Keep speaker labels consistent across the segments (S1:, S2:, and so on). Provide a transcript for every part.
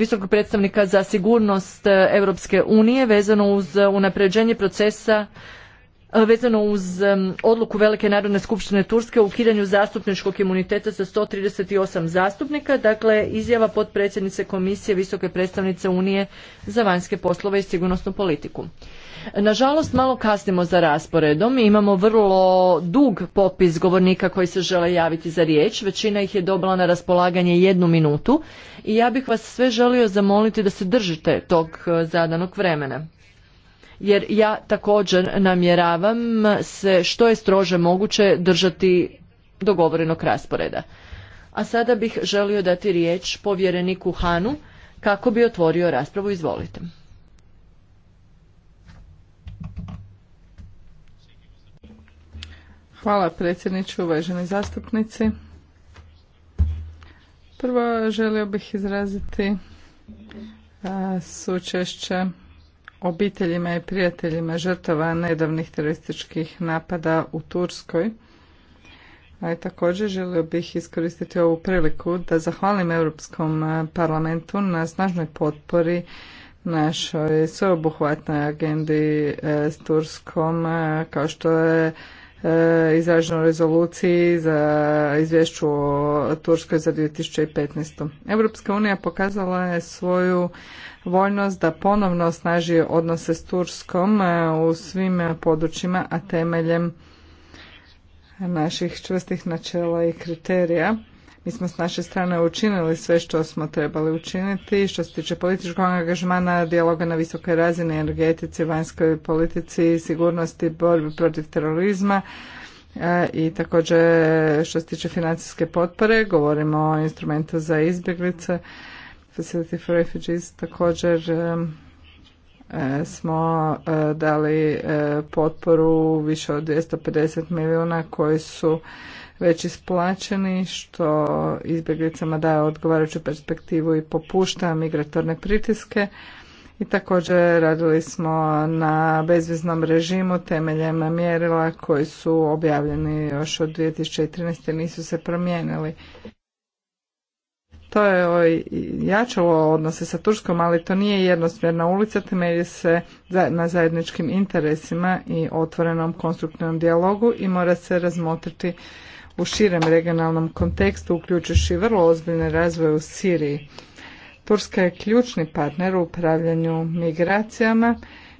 S1: visokog predstavnika za sigurnost e, Europske unije vezano uz unapređenje procesa E, vezano uz e, odluku Velike narodne skupštine Turske o ukidanju zastupničkog imuniteta za 138 zastupnika, dakle izjava potpredsjednice Komisije Visoke predstavnice Unije za vanjske poslove i sigurnosnu politiku. Nažalost, malo kasnimo za rasporedom. Imamo vrlo dug popis govornika koji se žele javiti za riječ. Većina ih je dobila na raspolaganje jednu minutu i ja bih vas sve želio zamoliti da se držite tog e, zadanog vremena jer ja također namjeravam se što je strože moguće držati dogovorenog rasporeda. A sada bih želio dati riječ povjereniku Hanu kako bi otvorio raspravu. Izvolite. Hvala predsjedniče, uvaženi
S2: zastupnici. Prvo želio bih izraziti sučešće obiteljima i prijateljima žrtava nedavnih terorističkih napada u Turskoj. A također želio bih iskoristiti ovu priliku da zahvalim Europskom parlamentu na snažnoj potpori našoj sveobuhvatnoj agendi e, s Turskom e, kao što je e, izraženo u rezoluciji za izvješću o Turskoj za 2015. Europska unija pokazala je svoju voljnost da ponovno osnaži odnose s Turskom e, u svim područjima, a temeljem naših čvrstih načela i kriterija. Mi smo s naše strane učinili sve što smo trebali učiniti što se tiče političkog angažmana, dijaloga na visokoj razini, energetici, vanjskoj politici, sigurnosti, borbi protiv terorizma e, i također što se tiče financijske potpore, govorimo o instrumentu za izbjeglice Facility for Refugees također e, smo e, dali e, potporu više od 250 milijuna koji su već isplaćeni što izbjeglicama daje odgovarajuću perspektivu i popušta migratorne pritiske i također radili smo na bezviznom režimu temeljem mjerila koji su objavljeni još od 2013. nisu se promijenili. To je jačalo odnose sa Turskom, ali to nije jednosmjerna ulica, temelji se na zajedničkim interesima i otvorenom konstruktivnom dijalogu i mora se razmotriti u širem regionalnom kontekstu, uključujući vrlo ozbiljne razvoje u Siriji. Turska je ključni partner u upravljanju migracijama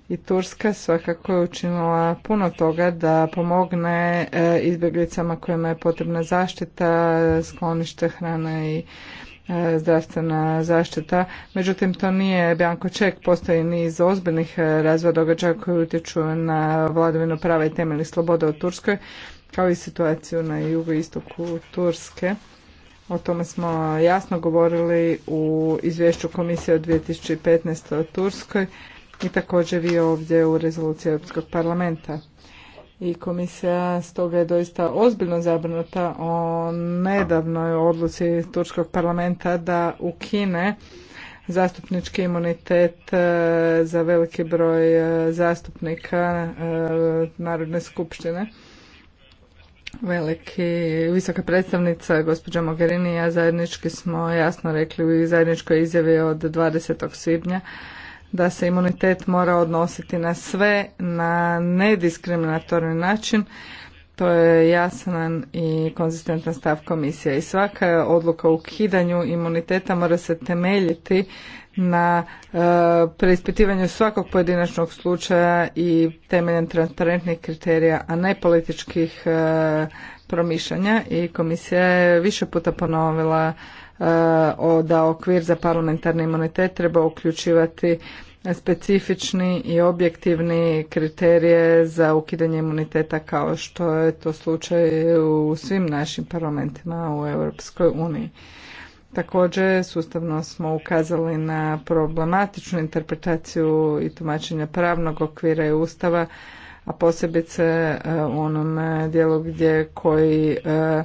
S2: i Turska svakako je učinila puno toga da pomogne e, izbjeglicama kojima je potrebna zaštita, sklonište, hrana i E, zdravstvena zaštita. Međutim, to nije Bjanko Ček, postoji niz ozbiljnih e, razvoja događaja koji utječu na vladavinu prava i temeljnih sloboda u Turskoj, kao i situaciju na jugoistoku Turske. O tome smo jasno govorili u izvješću komisije od 2015. o Turskoj i također vi ovdje u rezoluciji Europskog parlamenta i komisija stoga je doista ozbiljno zabrinuta o nedavnoj odluci Turskog parlamenta da ukine zastupnički imunitet e, za veliki broj e, zastupnika e, Narodne skupštine. Veliki, visoka predstavnica gospođa Mogherini i ja zajednički smo jasno rekli u zajedničkoj izjavi od 20. svibnja da se imunitet mora odnositi na sve na nediskriminatorni način. To je jasan i konzistentan stav komisije i svaka odluka o ukidanju imuniteta mora se temeljiti na e, preispitivanju svakog pojedinačnog slučaja i temeljem transparentnih kriterija, a ne političkih e, promišljanja i komisija je više puta ponovila e, o, da okvir za parlamentarni imunitet treba uključivati specifični i objektivni kriterije za ukidanje imuniteta kao što je to slučaj u svim našim parlamentima u Europskoj uniji. Također sustavno smo ukazali na problematičnu interpretaciju i tumačenje pravnog okvira i ustava, a posebice e, u onom e, dijelu gdje koji e,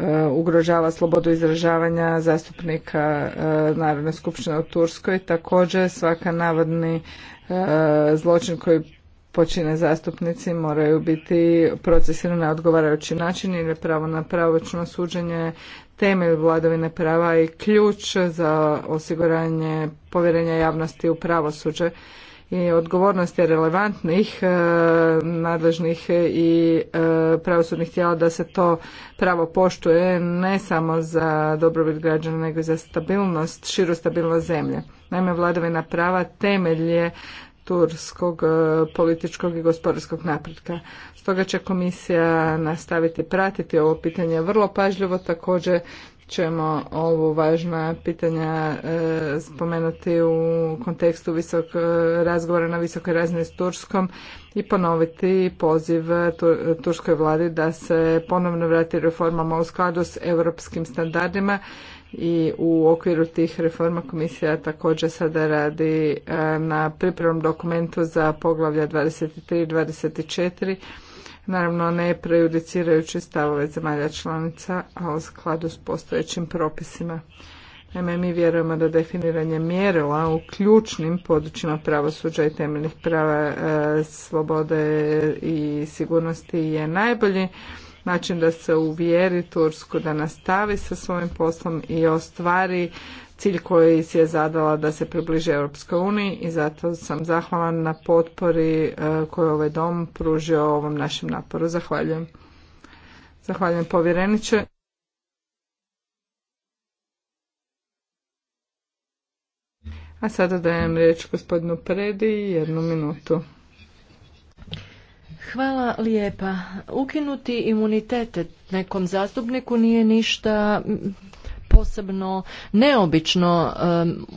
S2: E, ugrožava slobodu izražavanja zastupnika e, Narodne skupštine u Turskoj. Također svaka navodni e, zločin koji počine zastupnici moraju biti procesirani na odgovarajući način jer je pravo na pravočno suđenje temelj vladavine prava i ključ za osiguranje povjerenja javnosti u pravosuđe i odgovornosti relevantnih e, nadležnih i e, pravosudnih tijela da se to pravo poštuje ne samo za dobrobit građana nego i za stabilnost, širu stabilnost zemlje. Naime, vladavina prava temelj je turskog e, političkog i gospodarskog napretka. Stoga će komisija nastaviti pratiti ovo pitanje vrlo pažljivo, također ćemo ovo važna pitanja e, spomenuti u kontekstu visok, e, razgovora na visokoj razini s Turskom i ponoviti poziv e, Turskoj vladi da se ponovno vrati reformama u skladu s europskim standardima i u okviru tih reforma komisija također sada radi na pripremnom dokumentu za poglavlja 23 i 24 naravno ne prejudicirajući stavove zemalja članica, a u skladu s postojećim propisima. Naime, mi vjerujemo da definiranje mjerila u ključnim područjima pravosuđa i temeljnih prava, e, slobode i sigurnosti je najbolji način da se uvjeri Tursku da nastavi sa svojim poslom i ostvari cilj koji si je zadala da se približi Europskoj uniji i zato sam zahvalan na potpori e, koju je ovaj dom pružio ovom našem naporu. Zahvaljujem. Zahvaljujem povjereniče. A sada dajem riječ gospodinu Predi jednu minutu.
S1: Hvala lijepa. Ukinuti imunitet nekom zastupniku nije ništa posebno neobično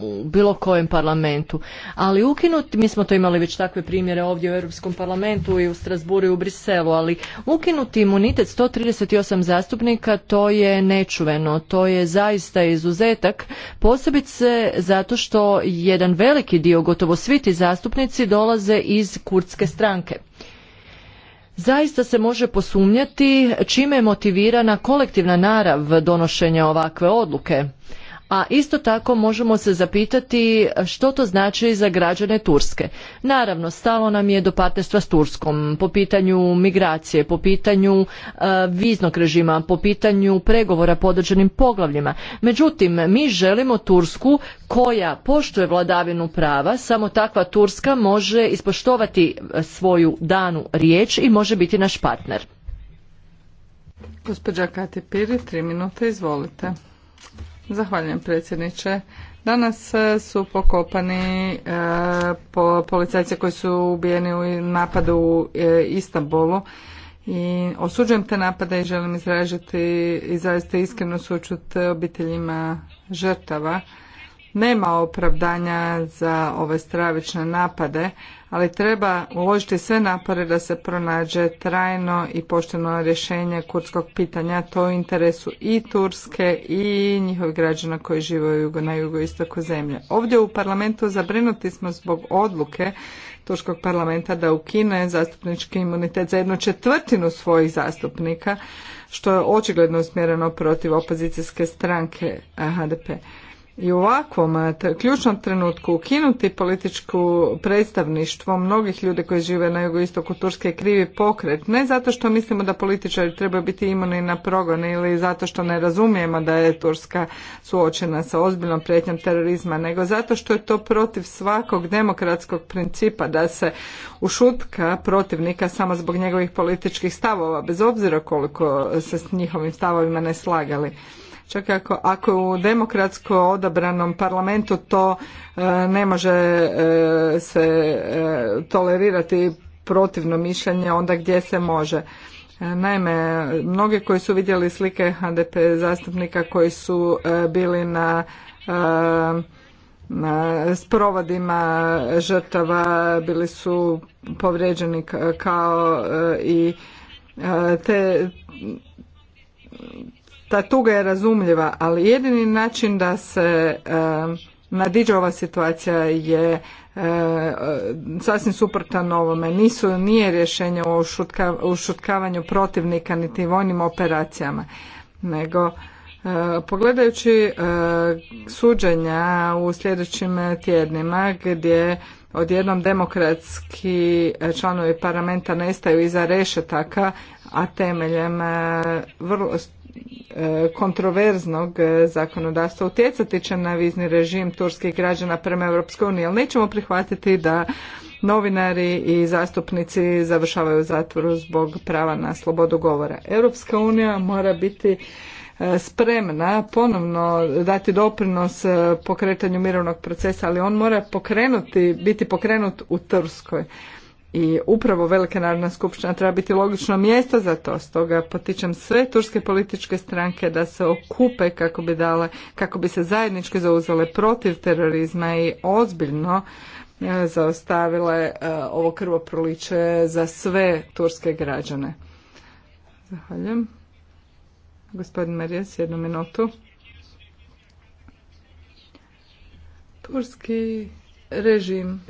S1: u bilo kojem parlamentu. Ali ukinuti, mi smo to imali već takve primjere ovdje u Europskom parlamentu i u Strasburu i u Briselu, ali ukinuti imunitet 138 zastupnika to je nečuveno, to je zaista izuzetak, posebice zato što jedan veliki dio, gotovo svi ti zastupnici dolaze iz kurdske stranke. Zaista se može posumnjati čime je motivirana kolektivna narav donošenja ovakve odluke a isto tako možemo se zapitati e, što to znači za građane Turske. Naravno, stalo nam je do partnerstva s Turskom po pitanju migracije, po pitanju e, viznog režima, po pitanju pregovora po određenim poglavljima. Međutim, mi želimo Tursku koja poštuje vladavinu prava, samo takva Turska može ispoštovati e, svoju danu riječ i može biti naš partner.
S2: Gospođa kate izvolite. Zahvaljujem predsjedniče. Danas e, su pokopani e, policajci koji su ubijeni u napadu u e, Istanbulu i osuđujem te napade i želim izražiti i zaista iskreno sučut obiteljima žrtava. Nema opravdanja za ove stravične napade, ali treba uložiti sve napore da se pronađe trajno i pošteno rješenje kurdskog pitanja. To je u interesu i Turske i njihovih građana koji žive na jugoistoku zemlje. Ovdje u parlamentu zabrinuti smo zbog odluke Turskog parlamenta da ukine zastupnički imunitet za jednu četvrtinu svojih zastupnika, što je očigledno usmjereno protiv opozicijske stranke HDP. Eh, i u ovakvom e, ključnom trenutku ukinuti političku predstavništvo mnogih ljudi koji žive na jugoistoku Turske krivi pokret, ne zato što mislimo da političari trebaju biti imuni na progon ili zato što ne razumijemo da je Turska suočena sa ozbiljnom prijetnjom terorizma, nego zato što je to protiv svakog demokratskog principa da se ušutka protivnika samo zbog njegovih političkih stavova, bez obzira koliko se s njihovim stavovima ne slagali. Čak ako, ako u demokratsko odabranom parlamentu to e, ne može e, se e, tolerirati protivno mišljenje, onda gdje se može. Naime, mnoge koji su vidjeli slike HDP zastupnika koji su bili na na sprovodima žrtava bili su povrijeđeni kao i te ta tuga je razumljiva, ali jedini način da se nadiđa ova situacija je sasvim suprotan ovome. Nisu, nije rješenje o ušutka, ušutkavanju protivnika niti vojnim operacijama, nego pogledajući suđenja u sljedećim tjednima gdje odjednom demokratski članovi parlamenta nestaju iza rešetaka, a temeljem vrlo kontroverznog e, zakonodavstva utjecati će na vizni režim turskih građana prema Europskoj uniji, ali nećemo prihvatiti da novinari i zastupnici završavaju zatvoru zbog prava na slobodu govora. Europska unija mora biti e, spremna ponovno dati doprinos e, pokretanju mirovnog procesa, ali on mora pokrenuti, biti pokrenut u Turskoj i upravo Velika Narodna skupština treba biti logično mjesto za to. Stoga potičem sve turske političke stranke da se okupe kako bi, dale, kako bi se zajednički zauzele protiv terorizma i ozbiljno e, zaostavile e, ovo krvoproliče za sve turske građane. Zahvaljujem. Gospodin Marijas, jednu minutu. Turski režim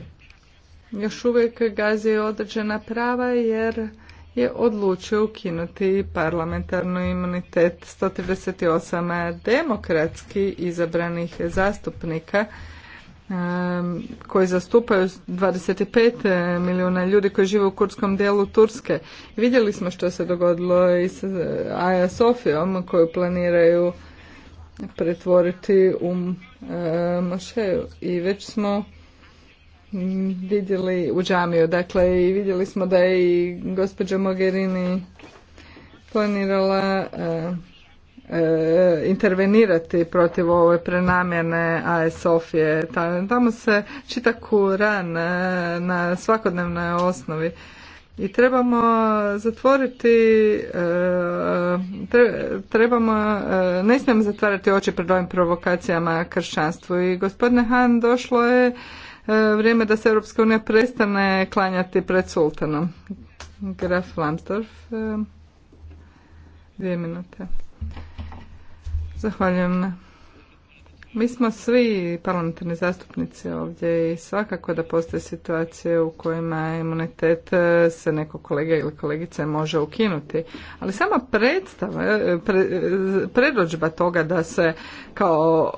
S2: još uvijek gazi određena prava jer je odlučio ukinuti parlamentarnu imunitet 138 demokratski izabranih zastupnika koji zastupaju 25 milijuna ljudi koji žive u kurskom dijelu Turske. Vidjeli smo što se dogodilo i s Aja Sofijom koju planiraju pretvoriti u e, i već smo Mm, vidjeli u džamiju. Dakle, i vidjeli smo da je i gospođa Mogherini planirala e, e, intervenirati protiv ove prenamjene AE Sofije. Tamo se čita kuran e, na svakodnevnoj osnovi. I trebamo zatvoriti, trebamo, ne smijemo zatvarati oči pred ovim provokacijama kršćanstvu. I gospodine Han, došlo je E, vrijeme da se Europska unija prestane klanjati pred sultanom. Graf Lamsdorf, e, dvije minute. Zahvaljujem mi smo svi parlamentarni zastupnici ovdje i svakako da postoje situacije u kojima imunitet e, se neko kolega ili kolegice može ukinuti. Ali sama predstava, e, e, predođba toga da se kao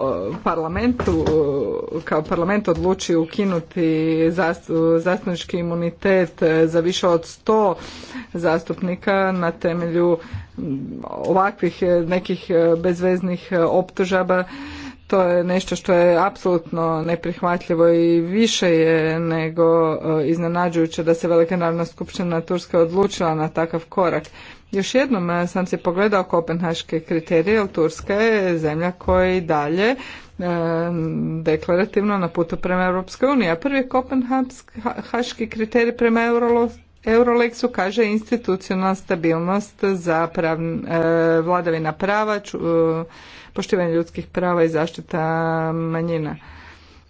S2: parlamentu, kao parlament odluči ukinuti zastupnički imunitet za više od sto zastupnika na temelju ovakvih nekih bezveznih optužaba to je nešto što je apsolutno neprihvatljivo i više je nego e, iznenađujuće da se Velika narodna skupština Turske odlučila na takav korak. Još jednom e, sam se pogledao kopenhaške kriterije, jer Turska je zemlja koja i dalje e, deklarativno na putu prema Europskoj uniji. A prvi kopenhaški kriterij prema Eurolexu kaže institucionalna stabilnost za vladavina prava, ču, poštivanje ljudskih prava i zaštita manjina.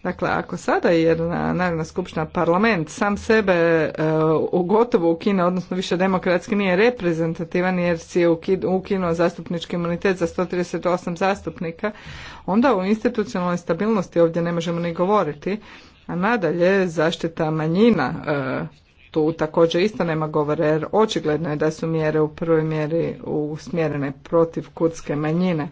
S2: Dakle, ako sada jedna Narodna skupština parlament sam sebe e, gotovo ukine, odnosno više demokratski nije reprezentativan jer si je ukinuo zastupnički imunitet za 138 zastupnika, onda o institucionalnoj stabilnosti ovdje ne možemo ni govoriti. A nadalje, zaštita manjina, e, tu također isto nema govore jer očigledno je da su mjere u prvoj mjeri usmjerene protiv kurdske manjine.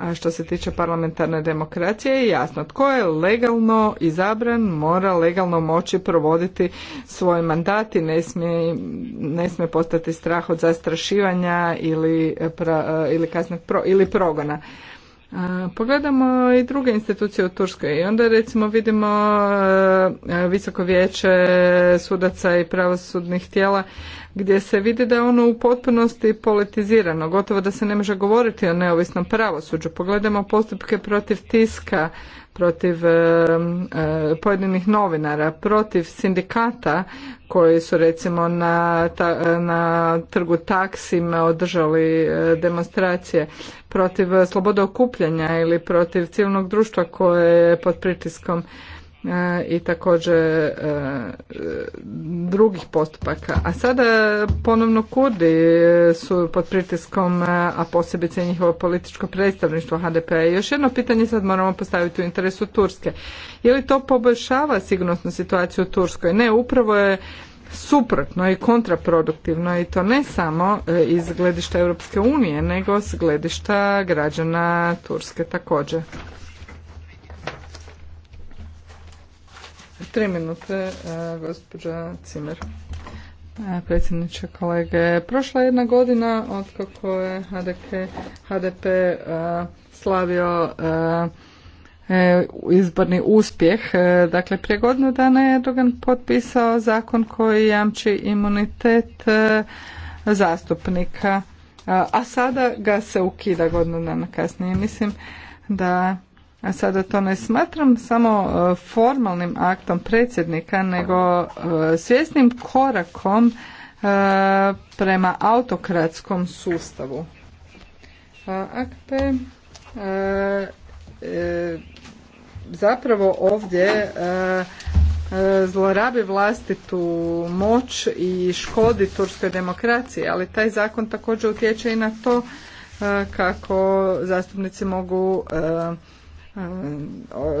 S2: A što se tiče parlamentarne demokracije, je jasno, tko je legalno izabran mora legalno moći provoditi svoj mandat i ne smije, ne smije postati strah od zastrašivanja ili, pra, ili, kasnog ili progona. Pogledamo i druge institucije u Turskoj i onda recimo vidimo e, e, visoko vijeće sudaca i pravosudnih tijela gdje se vidi da je ono u potpunosti politizirano, gotovo da se ne može govoriti o neovisnom pravosuđu. Pogledamo postupke protiv tiska, protiv e, pojedinih novinara, protiv sindikata koji su recimo na, na trgu taksima održali demonstracije protiv slobode okupljanja ili protiv civilnog društva koje je pod pritiskom e, i također e, drugih postupaka. A sada ponovno Kudi su pod pritiskom, e, a posebice njihovo političko predstavništvo HDP. I još jedno pitanje sad moramo postaviti u interesu Turske. Je li to poboljšava sigurnosnu situaciju u Turskoj? Ne, upravo je suprotno i kontraproduktivno i to ne samo e, iz gledišta Europske unije nego s gledišta građana Turske također. Tri minute, e, gospođa Cimer. E, predsjedniče kolege, prošla jedna godina od kako je HDP, HDP slavio E, izborni uspjeh. E, dakle, prije godinu dana je dogan potpisao zakon koji jamči imunitet e, zastupnika, a sada ga se ukida godinu dana kasnije. Mislim da a sada to ne smatram samo formalnim aktom predsjednika, nego svjesnim korakom prema autokratskom sustavu. AKP E, zapravo ovdje e, e, zlorabi vlastitu moć i škodi turskoj demokraciji, ali taj zakon također utječe i na to kako zastupnici mogu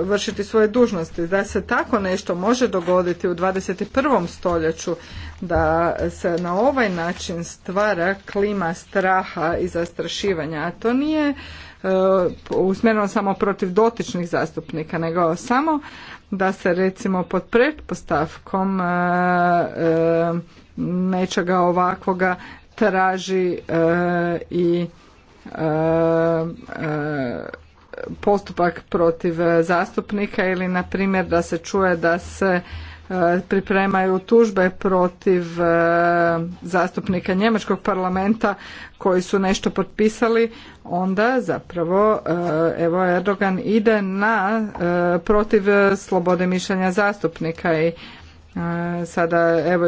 S2: vršiti svoje dužnosti. Da se tako nešto može dogoditi u 21. stoljeću, da se na ovaj način stvara klima straha i zastrašivanja, a to nije E, usmjereno samo protiv dotičnih zastupnika, nego samo da se recimo pod pretpostavkom e, e, nečega ovakvoga traži i postupak protiv zastupnika ili na primjer da se čuje da se pripremaju tužbe protiv e, zastupnika njemačkog parlamenta koji su nešto potpisali onda zapravo e, evo Erdogan ide na e, protiv slobode mišljenja zastupnika i sada evo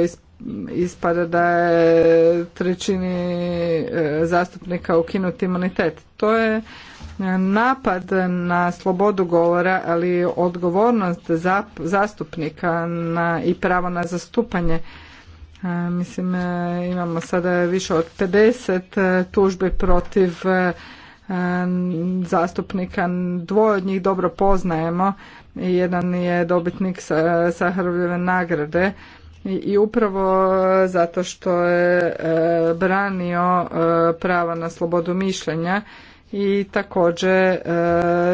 S2: ispada da je trećini zastupnika ukinut imunitet to je napad na slobodu govora, ali odgovornost zastupnika na, i pravo na zastupanje. E, mislim, e, imamo sada više od 50 e, tužbe protiv zastupnika, dvoje od njih dobro poznajemo. Jedan je dobitnik Saharovljeve nagrade i, upravo zato što je branio prava na slobodu mišljenja i također e,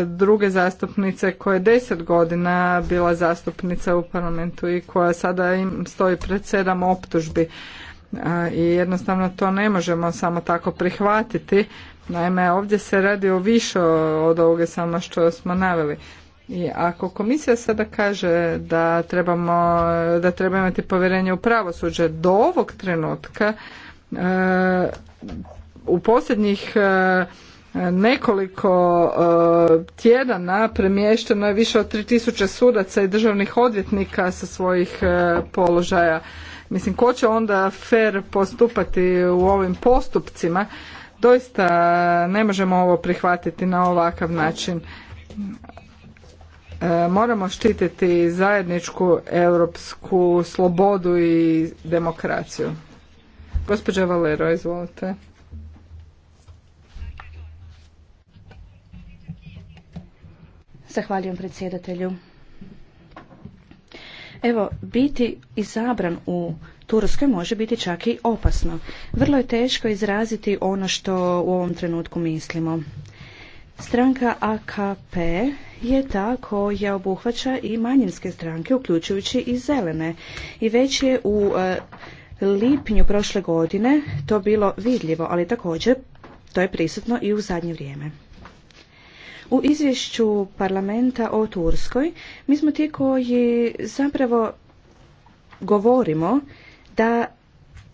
S2: druge zastupnice koja je deset godina bila zastupnica u parlamentu i koja sada im stoji pred sedam optužbi e, i jednostavno to ne možemo samo tako prihvatiti. Naime, ovdje se radi o više od ovoga samo što smo naveli. I ako komisija sada kaže da trebamo, da treba imati povjerenje u pravosuđe do ovog trenutka, e, u posljednjih nekoliko e, tjedana premješteno je više od 3000 sudaca i državnih odvjetnika sa svojih e, položaja. Mislim, ko će onda fer postupati u ovim postupcima? Doista ne možemo ovo prihvatiti na ovakav način. E, moramo štititi zajedničku europsku slobodu i demokraciju. Gospođa Valero, izvolite.
S3: Zahvaljujem predsjedatelju. Evo, biti izabran u Turskoj može biti čak i opasno. Vrlo je teško izraziti ono što u ovom trenutku mislimo. Stranka AKP je ta koja obuhvaća i manjinske stranke, uključujući i zelene. I već je u e, lipnju prošle godine to bilo vidljivo, ali također to je prisutno i u zadnje vrijeme. U izvješću parlamenta o Turskoj mi smo ti koji zapravo govorimo da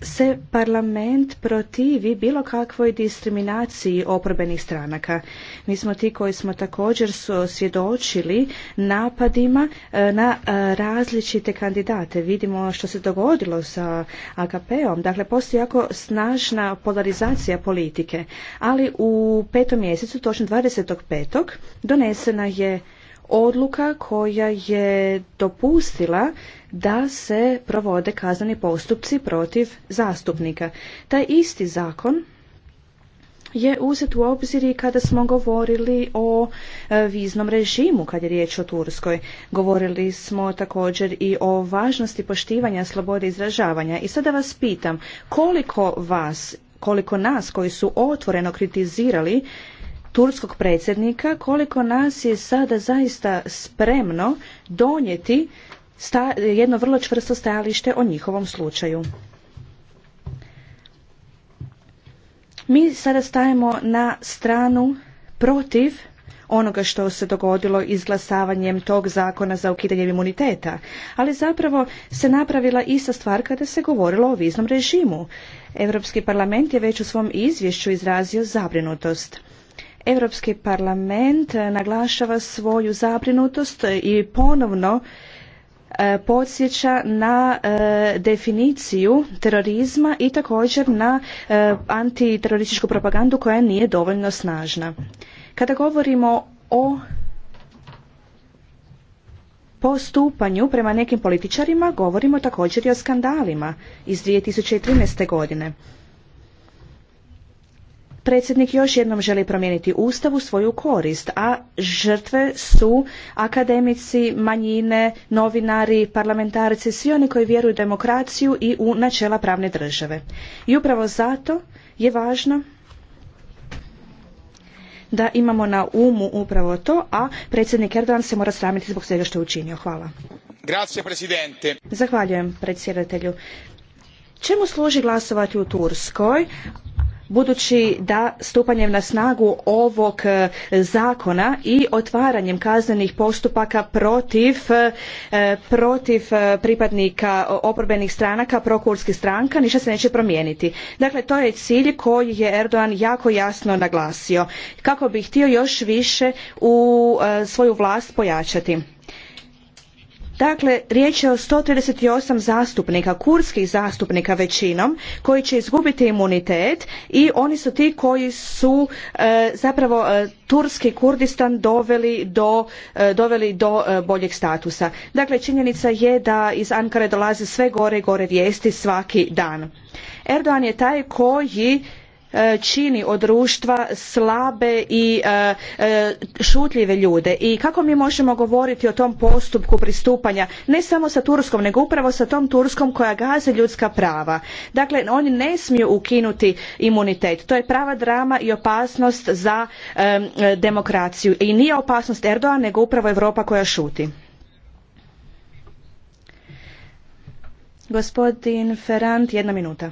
S3: se parlament protivi bilo kakvoj diskriminaciji oporbenih stranaka. Mi smo ti koji smo također svjedočili napadima e, na e, različite kandidate. Vidimo što se dogodilo sa AKP-om. Dakle, postoji jako snažna polarizacija politike. Ali u petom mjesecu, točno 25. donesena je odluka koja je dopustila da se provode kazneni postupci protiv zastupnika. Taj isti zakon je uzet u obzir i kada smo govorili o e, viznom režimu kad je riječ o Turskoj. Govorili smo također i o važnosti poštivanja slobode izražavanja. I sada vas pitam, koliko vas, koliko nas koji su otvoreno kritizirali turskog predsjednika, koliko nas je sada zaista spremno donijeti sta, jedno vrlo čvrsto stajalište o njihovom slučaju. Mi sada stajemo na stranu protiv onoga što se dogodilo izglasavanjem tog zakona za ukidanje imuniteta. Ali zapravo se napravila ista stvar kada se govorilo o viznom režimu. Europski parlament je već u svom izvješću izrazio zabrinutost. Europski parlament naglašava svoju zabrinutost i ponovno E, podsjeća na e, definiciju terorizma i također na e, antiterorističku propagandu koja nije dovoljno snažna. Kada govorimo o postupanju prema nekim političarima govorimo također i o skandalima iz 2013. godine predsjednik još jednom želi promijeniti ustav u svoju korist, a žrtve su akademici, manjine, novinari, parlamentarci, svi oni koji vjeruju u demokraciju i u načela pravne države. I upravo zato je važno da imamo na umu upravo to, a predsjednik Erdogan se mora sramiti zbog svega što je učinio. Hvala.
S1: Grazie, presidente.
S3: Zahvaljujem predsjedatelju. Čemu služi glasovati u Turskoj budući da stupanjem na snagu ovog e, zakona i otvaranjem kaznenih postupaka protiv, e, protiv e, pripadnika oporbenih stranaka, prokurskih stranka, ništa se neće promijeniti. Dakle, to je cilj koji je Erdogan jako jasno naglasio. Kako bi htio još više u svoju vlast pojačati. Dakle, riječ je o 138 zastupnika, kurskih zastupnika većinom, koji će izgubiti imunitet i oni su ti koji su e, zapravo e, turski Kurdistan doveli do, e, doveli do boljeg statusa. Dakle, činjenica je da iz Ankare dolaze sve gore i gore vijesti svaki dan. Erdogan je taj koji E, čini od društva slabe i e, e, šutljive ljude i kako mi možemo govoriti o tom postupku pristupanja ne samo sa Turskom nego upravo sa tom Turskom koja gazi ljudska prava. Dakle, oni ne smiju ukinuti imunitet. To je prava drama i opasnost za demokraciju. I nije opasnost erdoa nego upravo Europa koja šuti. Gospodin Ferrand, jedna
S4: minuta.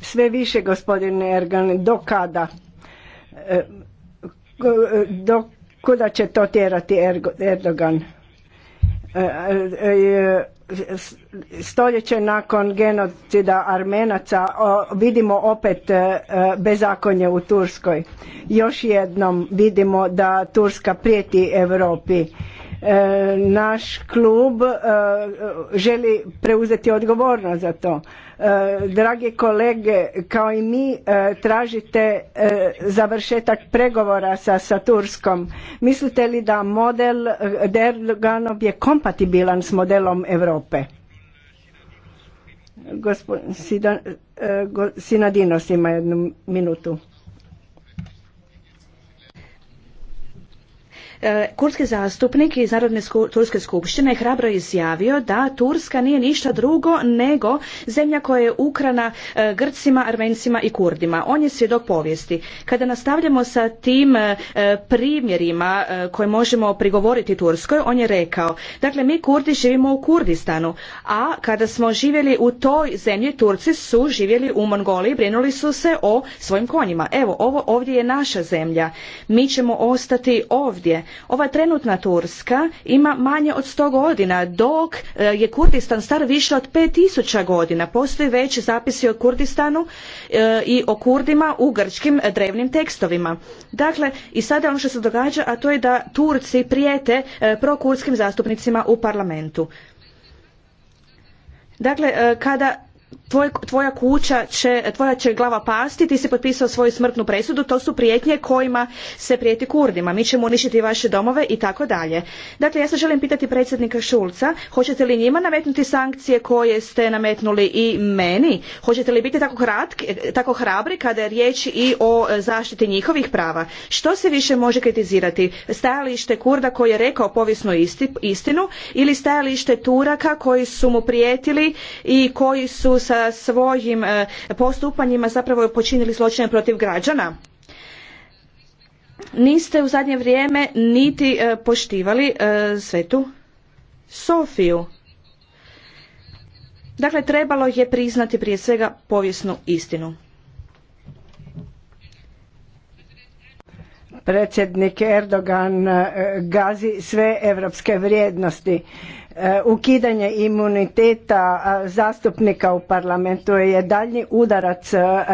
S4: Sve više, gospodine Ergan, do kada? E, e, do kuda će to tjerati Erdogan? E, stoljeće nakon genocida Armenaca vidimo opet bezakonje u Turskoj. Još jednom vidimo da Turska prijeti Europi. Naš klub želi preuzeti odgovornost za to E, Dragi kolege, kao i mi e, tražite e, završetak pregovora sa, Turskom. Mislite li da model Derganov je kompatibilan s modelom Europe? Gospodin Sinadinos ima jednu minutu.
S3: E, Kurski zastupnik iz Narodne Turske skupštine je hrabro izjavio da Turska nije ništa drugo nego zemlja koja je ukrana e, Grcima, Armencima i Kurdima. On je svjedok povijesti. Kada nastavljamo sa tim e, primjerima koje možemo prigovoriti Turskoj, on je rekao, dakle mi Kurdi živimo u Kurdistanu, a kada smo živjeli u toj zemlji, Turci su živjeli u Mongoliji, brinuli su se o svojim konjima. Evo, ovo ovdje je naša zemlja. Mi ćemo ostati ovdje. Ova trenutna Turska ima manje od sto godina, dok e, je Kurdistan star više od 5000 godina. postoje veći zapisi o Kurdistanu e, i o Kurdima u grčkim drevnim tekstovima. Dakle, i sada ono što se događa, a to je da Turci prijete e, prokurdskim zastupnicima u parlamentu. Dakle, kada tvoja kuća će, tvoja će glava pasti, ti si potpisao svoju smrtnu presudu, to su prijetnje kojima se prijeti Kurdima, mi ćemo uništiti vaše domove i tako dalje. Dakle, ja se želim pitati predsjednika Šulca, hoćete li njima nametnuti sankcije koje ste nametnuli i meni? Hoćete li biti tako, tako hrabri kada je riječ i o zaštiti njihovih prava? Što se više može kritizirati? Stajalište Kurda koji je rekao povijesnu istinu ili stajalište Turaka koji su mu prijetili i koji su sa svojim e, postupanjima zapravo počinili zločine protiv građana? Niste u zadnje vrijeme niti e, poštivali e, svetu Sofiju. Dakle, trebalo je priznati prije svega povijesnu istinu.
S4: Predsjednik Erdogan gazi sve evropske vrijednosti E, ukidanje imuniteta e, zastupnika u parlamentu je daljnji udarac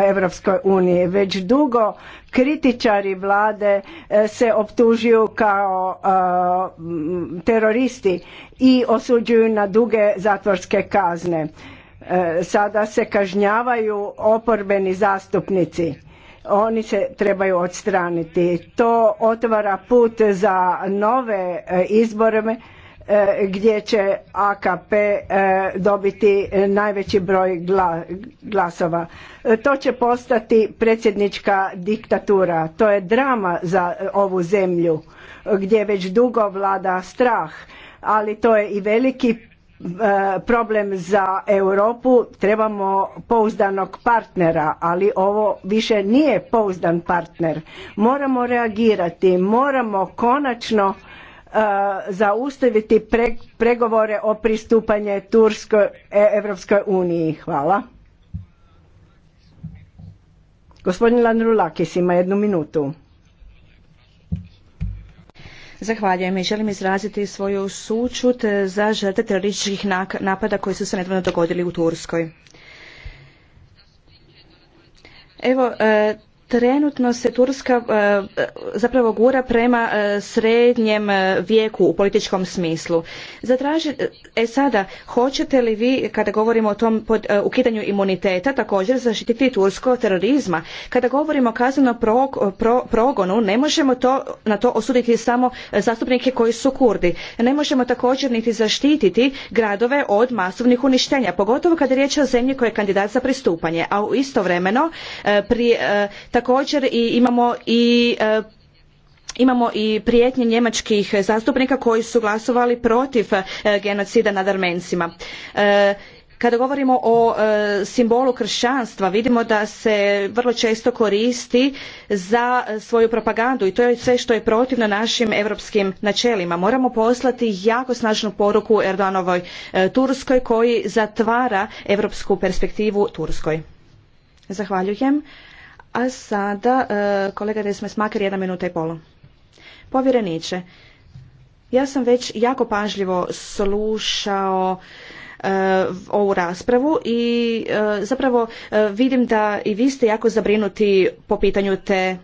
S4: Europskoj uniji. Već dugo kritičari vlade e, se optužuju kao teroristi i osuđuju na duge zatvorske kazne. Sada se kažnjavaju oporbeni zastupnici oni se trebaju odstraniti. To otvara put za nove izbore E, gdje će AKP e, dobiti najveći broj glasova. E, to će postati predsjednička diktatura. To je drama za ovu zemlju gdje već dugo vlada strah, ali to je i veliki problem za Europu. Trebamo pouzdanog partnera, ali ovo više nije pouzdan partner. Moramo reagirati, moramo konačno zaustaviti pregovore o pristupanje Turskoj e, Evropskoj uniji. Hvala. Gospodin Landrulakis ima jednu minutu.
S3: Zahvaljujem i želim izraziti svoju sučut za žrtve terorističkih napada koji su se nedavno dogodili u Turskoj. Evo, e, Trenutno se Turska e, zapravo gura prema e, srednjem e, vijeku u političkom smislu. Zatraži, e sada, hoćete li vi, kada govorimo o tom ukidanju imuniteta, također zaštititi Tursko terorizma? Kada govorimo o kaznenom progonu, ne možemo to, na to osuditi samo zastupnike koji su kurdi. Ne možemo također niti zaštititi gradove od masovnih uništenja, pogotovo kada je riječ o zemlji koja je kandidat za pristupanje. A u istovremeno, pri Također i imamo i e, imamo i prijetnje njemačkih zastupnika koji su glasovali protiv e, genocida nad Armencima. E, kada govorimo o simbolu kršćanstva vidimo da se vrlo često koristi za svoju propagandu i to je sve što je protivno našim europskim načelima. Moramo poslati jako snažnu poruku Erdoganovoj Turskoj koji zatvara europsku perspektivu Turskoj. Zahvaljujem. A sada e, kolega Desmes Maker, jedna minuta i pola. Povjereniče, ja sam već jako pažljivo slušao e, ovu raspravu i e, zapravo vidim da i vi ste jako zabrinuti po pitanju te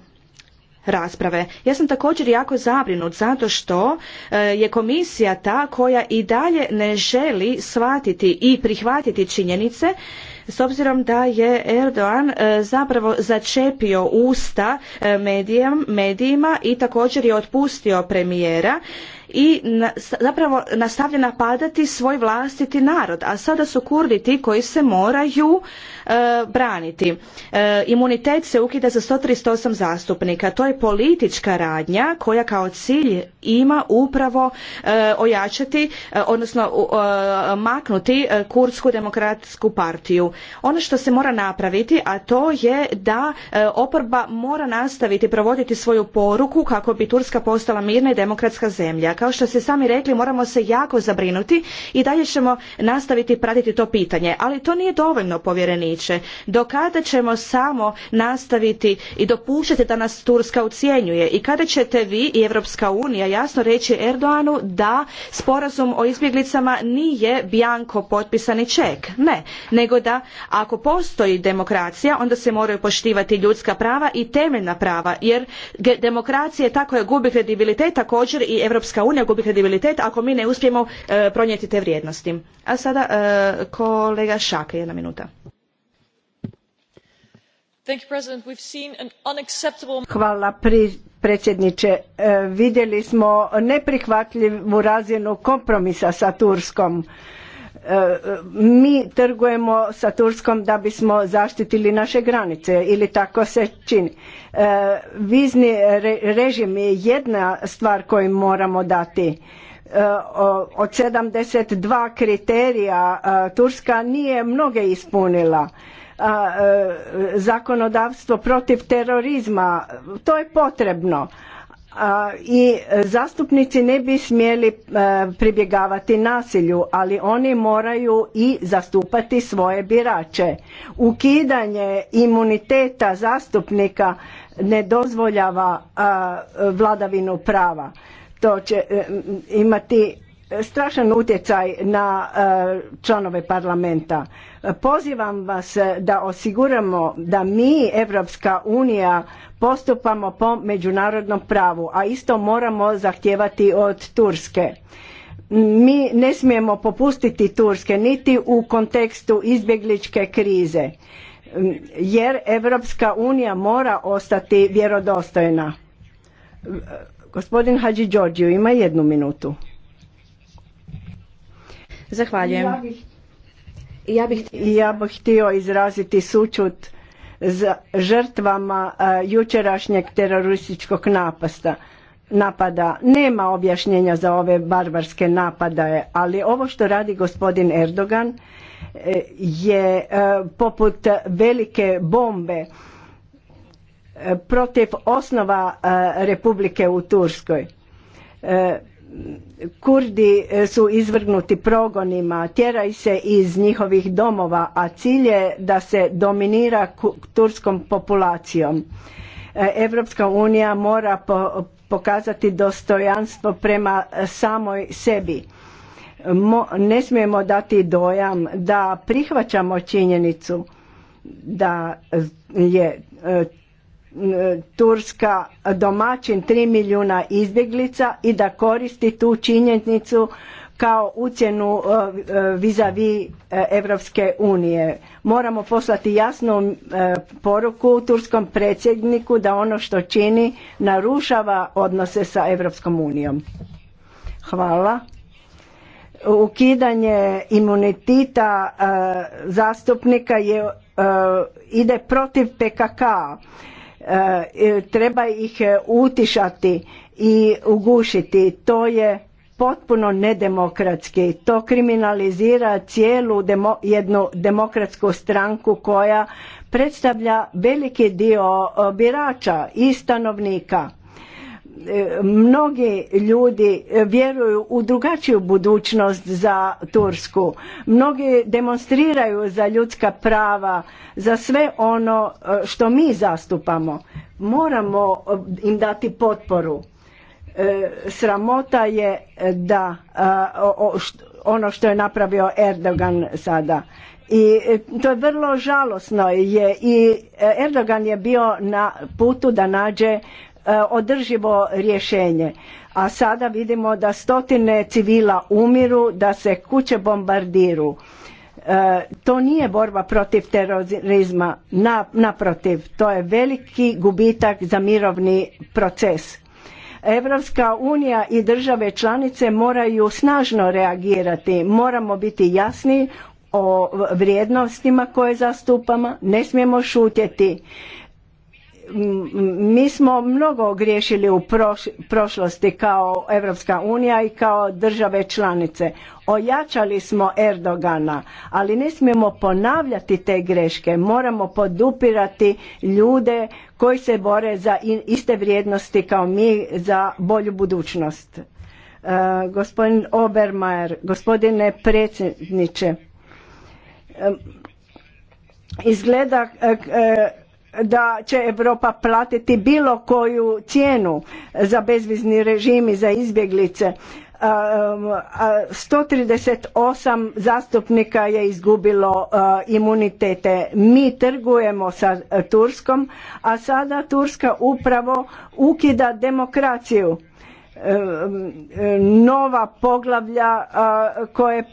S3: rasprave. Ja sam također jako zabrinut zato što je komisija ta koja i dalje ne želi shvatiti i prihvatiti činjenice s obzirom da je Erdogan e, zapravo začepio usta e, medijima i također je otpustio premijera i zapravo nastavlja napadati svoj vlastiti narod, a sada su Kurdi ti koji se moraju e, braniti. E, imunitet se ukida za 138 zastupnika. To je politička radnja koja kao cilj ima upravo e, ojačati, odnosno maknuti Kurdsku demokratsku partiju. Ono što se mora napraviti, a to je da oporba mora nastaviti provoditi svoju poruku kako bi Turska postala mirna i demokratska zemlja kao što ste sami rekli moramo se jako zabrinuti i dalje ćemo nastaviti pratiti to pitanje ali to nije dovoljno povjereniče do kada ćemo samo nastaviti i dopuštati da nas turska ucjenjuje i kada ćete vi i europska unija jasno reći erdoanu da sporazum o izbjeglicama nije bjanko potpisani ček ne nego da ako postoji demokracija onda se moraju poštivati ljudska prava i temeljna prava jer demokracija je ta koja gubi kredibilitet također i europska unija gubi kredibilitet ako mi ne uspijemo e, pronijeti te vrijednosti. A sada e, kolega Šake, jedna minuta. Hvala
S4: pri, predsjedniče. E, vidjeli smo neprihvatljivu razinu kompromisa sa Turskom mi trgujemo sa Turskom da bismo zaštitili naše granice ili tako se čini. E, vizni režim je jedna stvar koju moramo dati. E, od 72 kriterija e, Turska nije mnoge ispunila. Zakonodavstvo protiv terorizma, to je potrebno i zastupnici ne bi smjeli e, pribjegavati nasilju, ali oni moraju i zastupati svoje birače. Ukidanje imuniteta zastupnika ne dozvoljava vladavinu prava. To će e, imati strašan utjecaj na e, članove parlamenta. Pozivam vas da osiguramo da mi, Evropska unija, postupamo po međunarodnom pravu, a isto moramo zahtijevati od Turske. Mi ne smijemo popustiti Turske niti u kontekstu izbjegličke krize, jer Evropska unija mora ostati vjerodostojna. Gospodin Hadži ima jednu minutu. Zahvaljujem. Ja bih, ja bih htio izraziti sučut za žrtvama e, jučerašnjeg terorističkog napasta napada. Nema objašnjenja za ove barbarske napadaje, ali ovo što radi gospodin Erdogan e, je e, poput velike bombe protiv osnova Republike u Turskoj. Kurdi e, su izvrgnuti progonima, tjeraju se iz njihovih domova, a cilj je da se dominira turskom populacijom. Europska unija mora pokazati dostojanstvo prema samoj sebi. ne smijemo dati dojam da prihvaćamo činjenicu da je e, Turska domaćin 3 milijuna izbjeglica i da koristi tu činjenicu kao ucjenu e, vizavi e, Evropske unije. Moramo poslati jasnu e, poruku turskom predsjedniku da ono što čini narušava odnose sa Evropskom unijom. Hvala. Ukidanje imuniteta zastupnika je ide protiv PKK. -a E, treba ih e, utišati i ugušiti to je potpuno nedemokratski to kriminalizira cijelu jednu demokratsku stranku koja predstavlja veliki dio e, birača i stanovnika E, mnogi ljudi e, vjeruju u drugačiju budućnost za Tursku. Mnogi demonstriraju za ljudska prava, za sve ono e, što mi zastupamo. Moramo im dati potporu. Sramota je da ono što je napravio Erdogan sada. I to je vrlo žalosno je i Erdogan je bio na putu da nađe E, održivo rješenje. A sada vidimo da stotine civila umiru, da se kuće bombardiru. E, to nije borba protiv terorizma, naprotiv, to je veliki gubitak za mirovni proces. Evropska unija i države članice moraju snažno reagirati, moramo biti jasni o vrijednostima koje zastupamo, ne smijemo šutjeti mi smo mnogo griješili u prošlosti kao Europska unija i kao države članice. Ojačali smo Erdogana, ali ne smijemo ponavljati te greške. Moramo podupirati ljude koji se bore za iste vrijednosti kao mi za bolju budućnost. E, gospodin Obermajer, gospodine predsjedniče, e, izgleda e, da će Europa platiti bilo koju cijenu za bezvizni režim i za izbjeglice. 138 um, zastupnika je izgubilo imunitete. Mi trgujemo sa Turskom, a sada Turska upravo ukida demokraciju. Um, nova poglavlja koje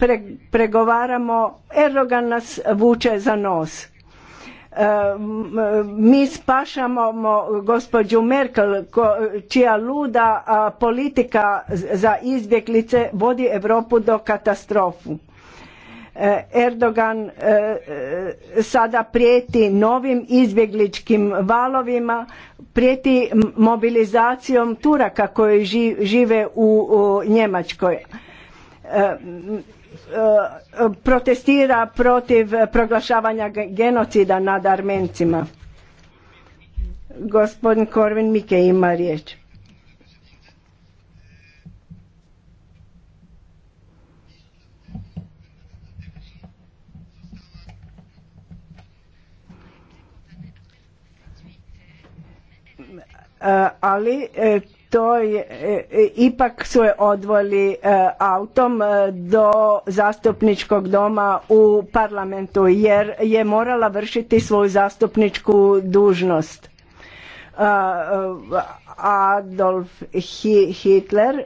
S4: pregovaramo, Erdogan nas vuče za nos mi spašamo gospođu Merkel čija luda politika za izbjeglice vodi Europu do katastrofu. Erdogan sada prijeti novim izbjegličkim valovima, prijeti mobilizacijom Turaka koji žive u Njemačkoj E, protestira protiv proglašavanja genocida nad Armencima. Gospodin Korvin Mike ima riječ. E, ali e, to je, e, e, ipak su je odvoli e, autom do zastupničkog doma u parlamentu jer je morala vršiti svoju zastupničku dužnost. Adolf Hitler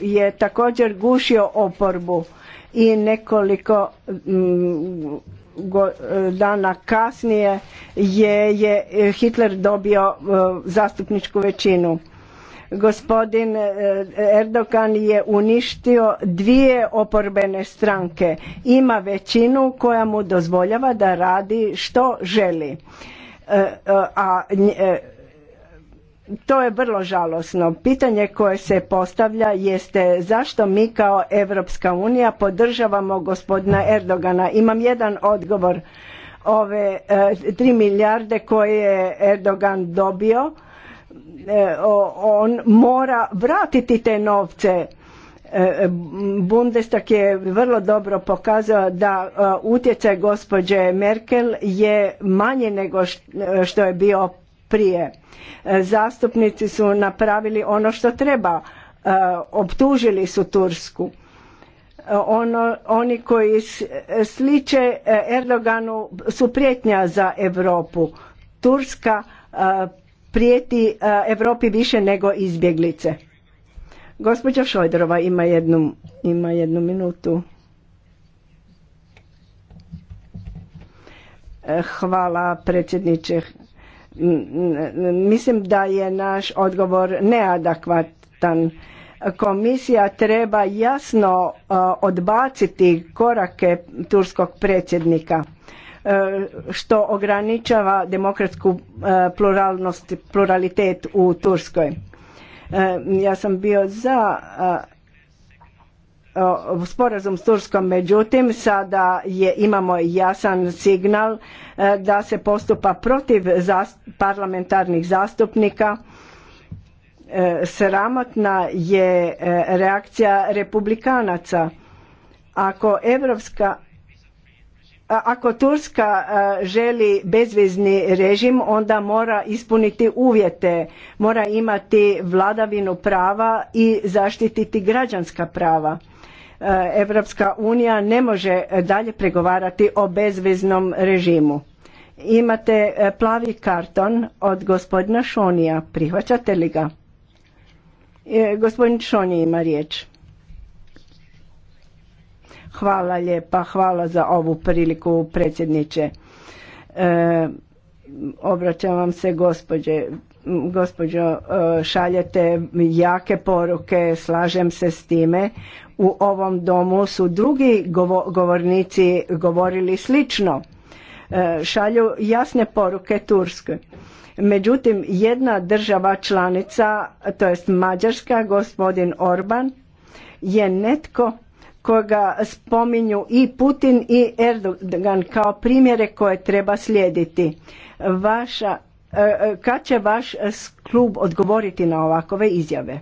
S4: je također gušio oporbu i nekoliko mm, dana kasnije je Hitler dobio zastupničku većinu Gospodin e, Erdogan je uništio dvije oporbene stranke. Ima većinu koja mu dozvoljava da radi što želi. E, e, a to je vrlo žalosno. Pitanje koje se postavlja jeste zašto mi kao Europska unija podržavamo gospodina Erdogana. Imam jedan odgovor. Ove tri milijarde koje je Erdogan dobio E, on mora vratiti te novce. E, Bundestag je vrlo dobro pokazao da e, utjecaj gospođe Merkel je manje nego što je bio prije. Zastupnici su napravili ono što treba, optužili su Tursku. Ono, oni koji sliče Erdoganu su prijetnja za Europu. Turska prijeti e, Europi više nego izbjeglice. Gospođa Šojdrova ima jednu, ima jednu minutu. E, hvala predsjedniče. Mislim da je naš odgovor neadekvatan. Komisija treba jasno e, odbaciti korake turskog predsjednika Eh, što ograničava demokratsku eh, pluralnost, pluralitet u Turskoj. Eh, ja sam bio za sporazum s Turskom, međutim sada je, imamo jasan signal da se postupa protiv parlamentarnih zastupnika. Sramotna je reakcija republikanaca. Ako Evropska ako Turska e, želi bezvezni režim, onda mora ispuniti uvjete, mora imati vladavinu prava i zaštititi građanska prava. E, Evropska unija ne može dalje pregovarati o bezviznom režimu. Imate e, plavi karton od gospodina Šonija. Prihvaćate li ga? Gospodin Šonija ima riječ. Hvala lijepa, hvala za ovu priliku predsjedniče. E, obraćam vam se gospođe, gospođo e, šaljete jake poruke, slažem se s time. U ovom domu su drugi govornici govorili slično. E, šalju jasne poruke Turskoj. Međutim, jedna država članica, to jest Mađarska, gospodin Orban, je netko koga spominju i Putin i Erdogan kao primjere koje treba slijediti. Vaša, e, e, kad će vaš klub odgovoriti na ovakove izjave?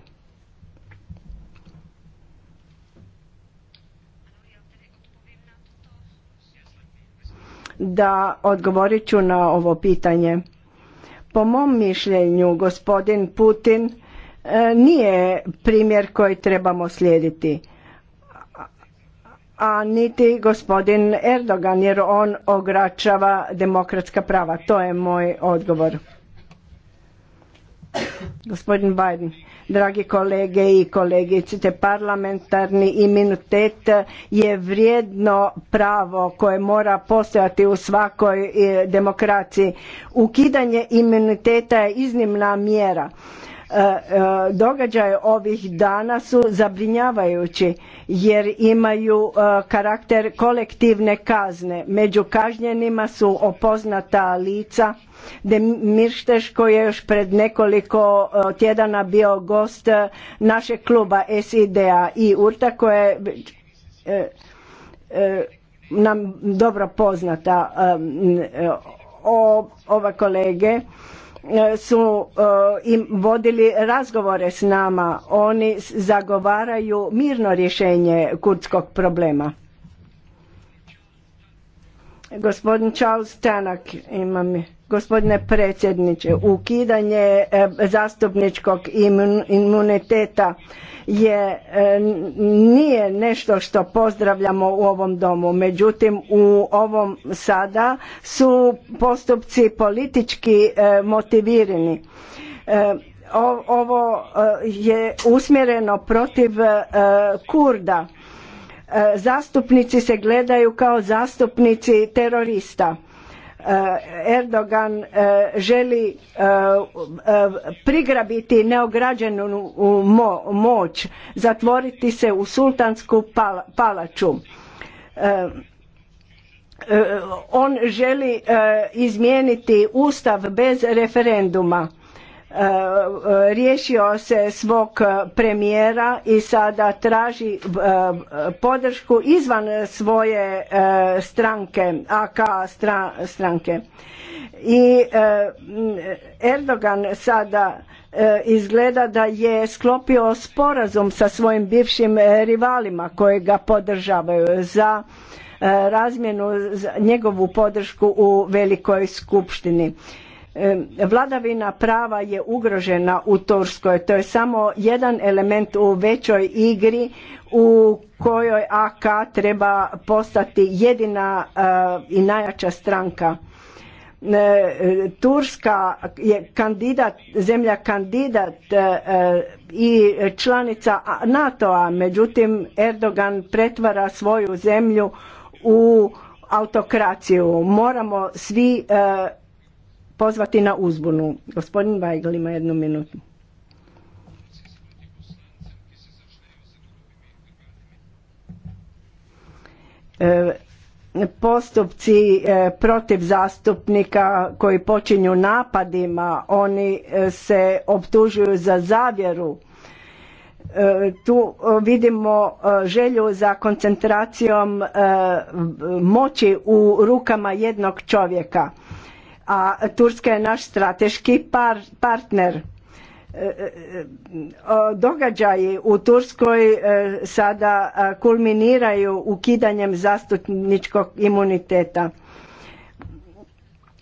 S4: Da odgovorit ću na ovo pitanje. Po mom mišljenju gospodin Putin e, nije primjer koji trebamo slijediti a niti gospodin Erdogan jer on ogračava demokratska prava. To je moj odgovor. Gospodin Biden, dragi kolege i kolegice, parlamentarni imunitet je vrijedno pravo koje mora postojati u svakoj eh, demokraciji. Ukidanje imuniteta je iznimna mjera događaje ovih dana su zabrinjavajući jer imaju e, karakter kolektivne kazne. Među kažnjenima su opoznata lica Demiršteš koji je još pred nekoliko e, tjedana bio gost e, našeg kluba sid i Urta koja je nam dobro poznata ova kolege su e, im vodili razgovore s nama. Oni zagovaraju mirno rješenje kurdskog problema. Gospodin Charles Tanak imam gospodine predsjedniče, ukidanje e, zastupničkog imuniteta je e, nije nešto što pozdravljamo u ovom domu međutim u ovom sada su postupci politički e, motivirani e, ovo je usmjereno protiv kurda zastupnici se gledaju kao zastupnici terorista Eh, Erdogan eh, želi eh, prigrabiti neograđenu moć, zatvoriti se u sultansku palaču. On želi izmijeniti ustav bez referenduma E, riješio se svog premijera i sada traži e, podršku izvan svoje e, stranke, AK stranke. I Erdogan sada izgleda da je sklopio sporazum sa svojim bivšim rivalima koji ga podržavaju za razmjenu njegovu podršku u velikoj skupštini Vladavina prava je ugrožena u Turskoj. To je samo jedan element u većoj igri u kojoj AK treba postati jedina e, i najjača stranka. E, Turska je kandidat, zemlja kandidat e, i članica NATO-a, međutim Erdogan pretvara svoju zemlju u autokraciju. Moramo svi pozvati na uzbunu. Gospodin Vajgl ima jednu minutu. E, postupci e, protiv zastupnika koji počinju napadima, oni e, se optužuju za zavjeru. Tu vidimo želju za koncentracijom moći u rukama jednog čovjeka a Turska je naš strateški partner. E, e, e, događaji u Turskoj sada kulminiraju ukidanjem zastupničkog imuniteta.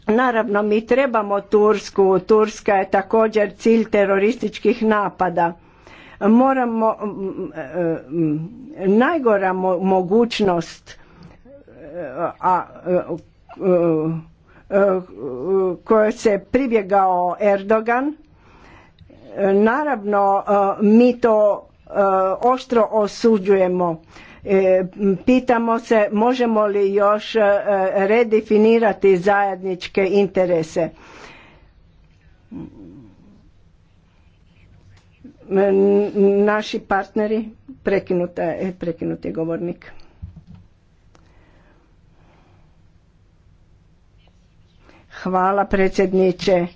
S4: Naravno, mi trebamo Tursku. Turska je također cilj terorističkih napada. Moramo, najgora mogućnost, a Eh, koje se pribjegao Erdogan. Eh, naravno, eh, mi to oštro osuđujemo. Pitamo se možemo li još redefinirati zajedničke interese. Naši partneri, prekinuta je, prekinut je govornik. Hvala predsjedniče.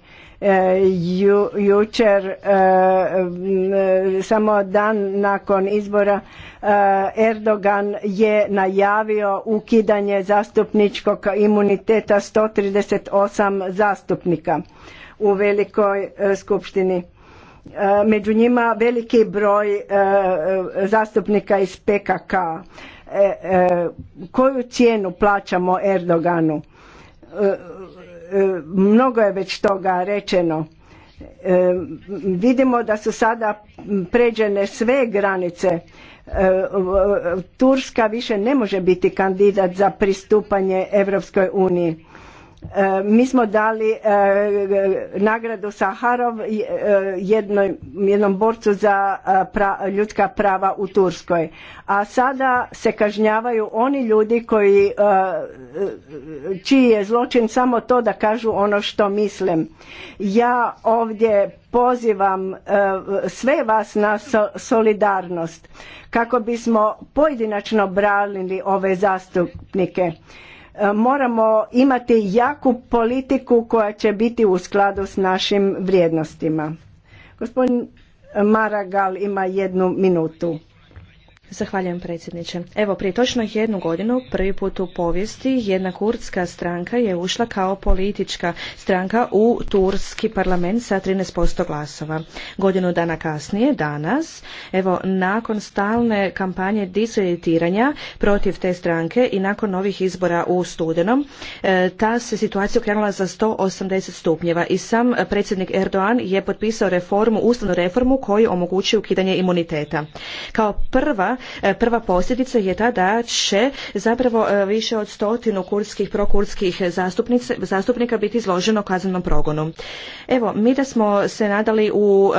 S4: E, jučer e, e, samo dan nakon izbora Erdogan je najavio ukidanje zastupničkog imuniteta 138 zastupnika u velikoj skupštini među njima veliki broj zastupnika iz PKK koju cijenu plaćamo Erdoganu mnogo je već toga rečeno. E, vidimo da su sada pređene sve granice. E, Turska više ne može biti kandidat za pristupanje Europskoj uniji. E, mi smo dali e, nagradu Saharov e, jednoj, jednom borcu za ljudska prava u Turskoj. A sada se kažnjavaju oni ljudi koji, čiji je zločin samo to da kažu ono što mislim. Ja ovdje pozivam sve vas na solidarnost kako bismo pojedinačno branili ove zastupnike E, moramo imati jaku politiku koja će biti u skladu s našim vrijednostima. Gospodin
S3: Maragal ima jednu minutu. Zahvaljujem predsjedniče. Evo, prije točno jednu godinu, prvi put u povijesti, jedna kurdska stranka je ušla kao politička stranka u turski parlament sa 13% glasova. Godinu dana kasnije, danas, evo, nakon stalne kampanje diskreditiranja protiv te stranke i nakon novih izbora u studenom, e, ta se situacija okrenula za 180 stupnjeva i sam predsjednik Erdoğan je potpisao reformu, ustavnu reformu koju omogućuje ukidanje imuniteta. Kao prva E, prva posljedica je ta da će zapravo e, više od stotinu kurskih, prokurskih zastupnika biti izloženo kaznenom progonu. Evo, mi da smo se nadali u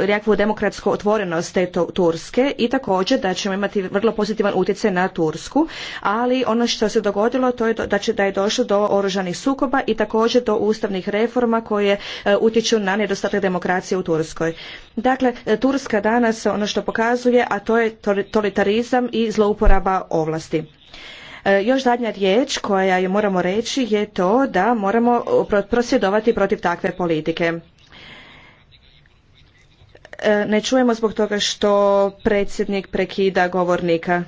S3: reakvu demokratsku otvorenost te Turske i također da ćemo imati vrlo pozitivan utjecaj na Tursku, ali ono što se dogodilo to je da, će, da je došlo do oružanih sukoba i također do ustavnih reforma koje e, utječu na nedostatak demokracije u Turskoj. Dakle, Turska danas ono što pokazuje, a to je to autoritarizam i zlouporaba ovlasti. E, još zadnja riječ koja je moramo reći je to da moramo prosvjedovati protiv takve politike e, ne čujemo zbog toga što predsjednik prekida govornika.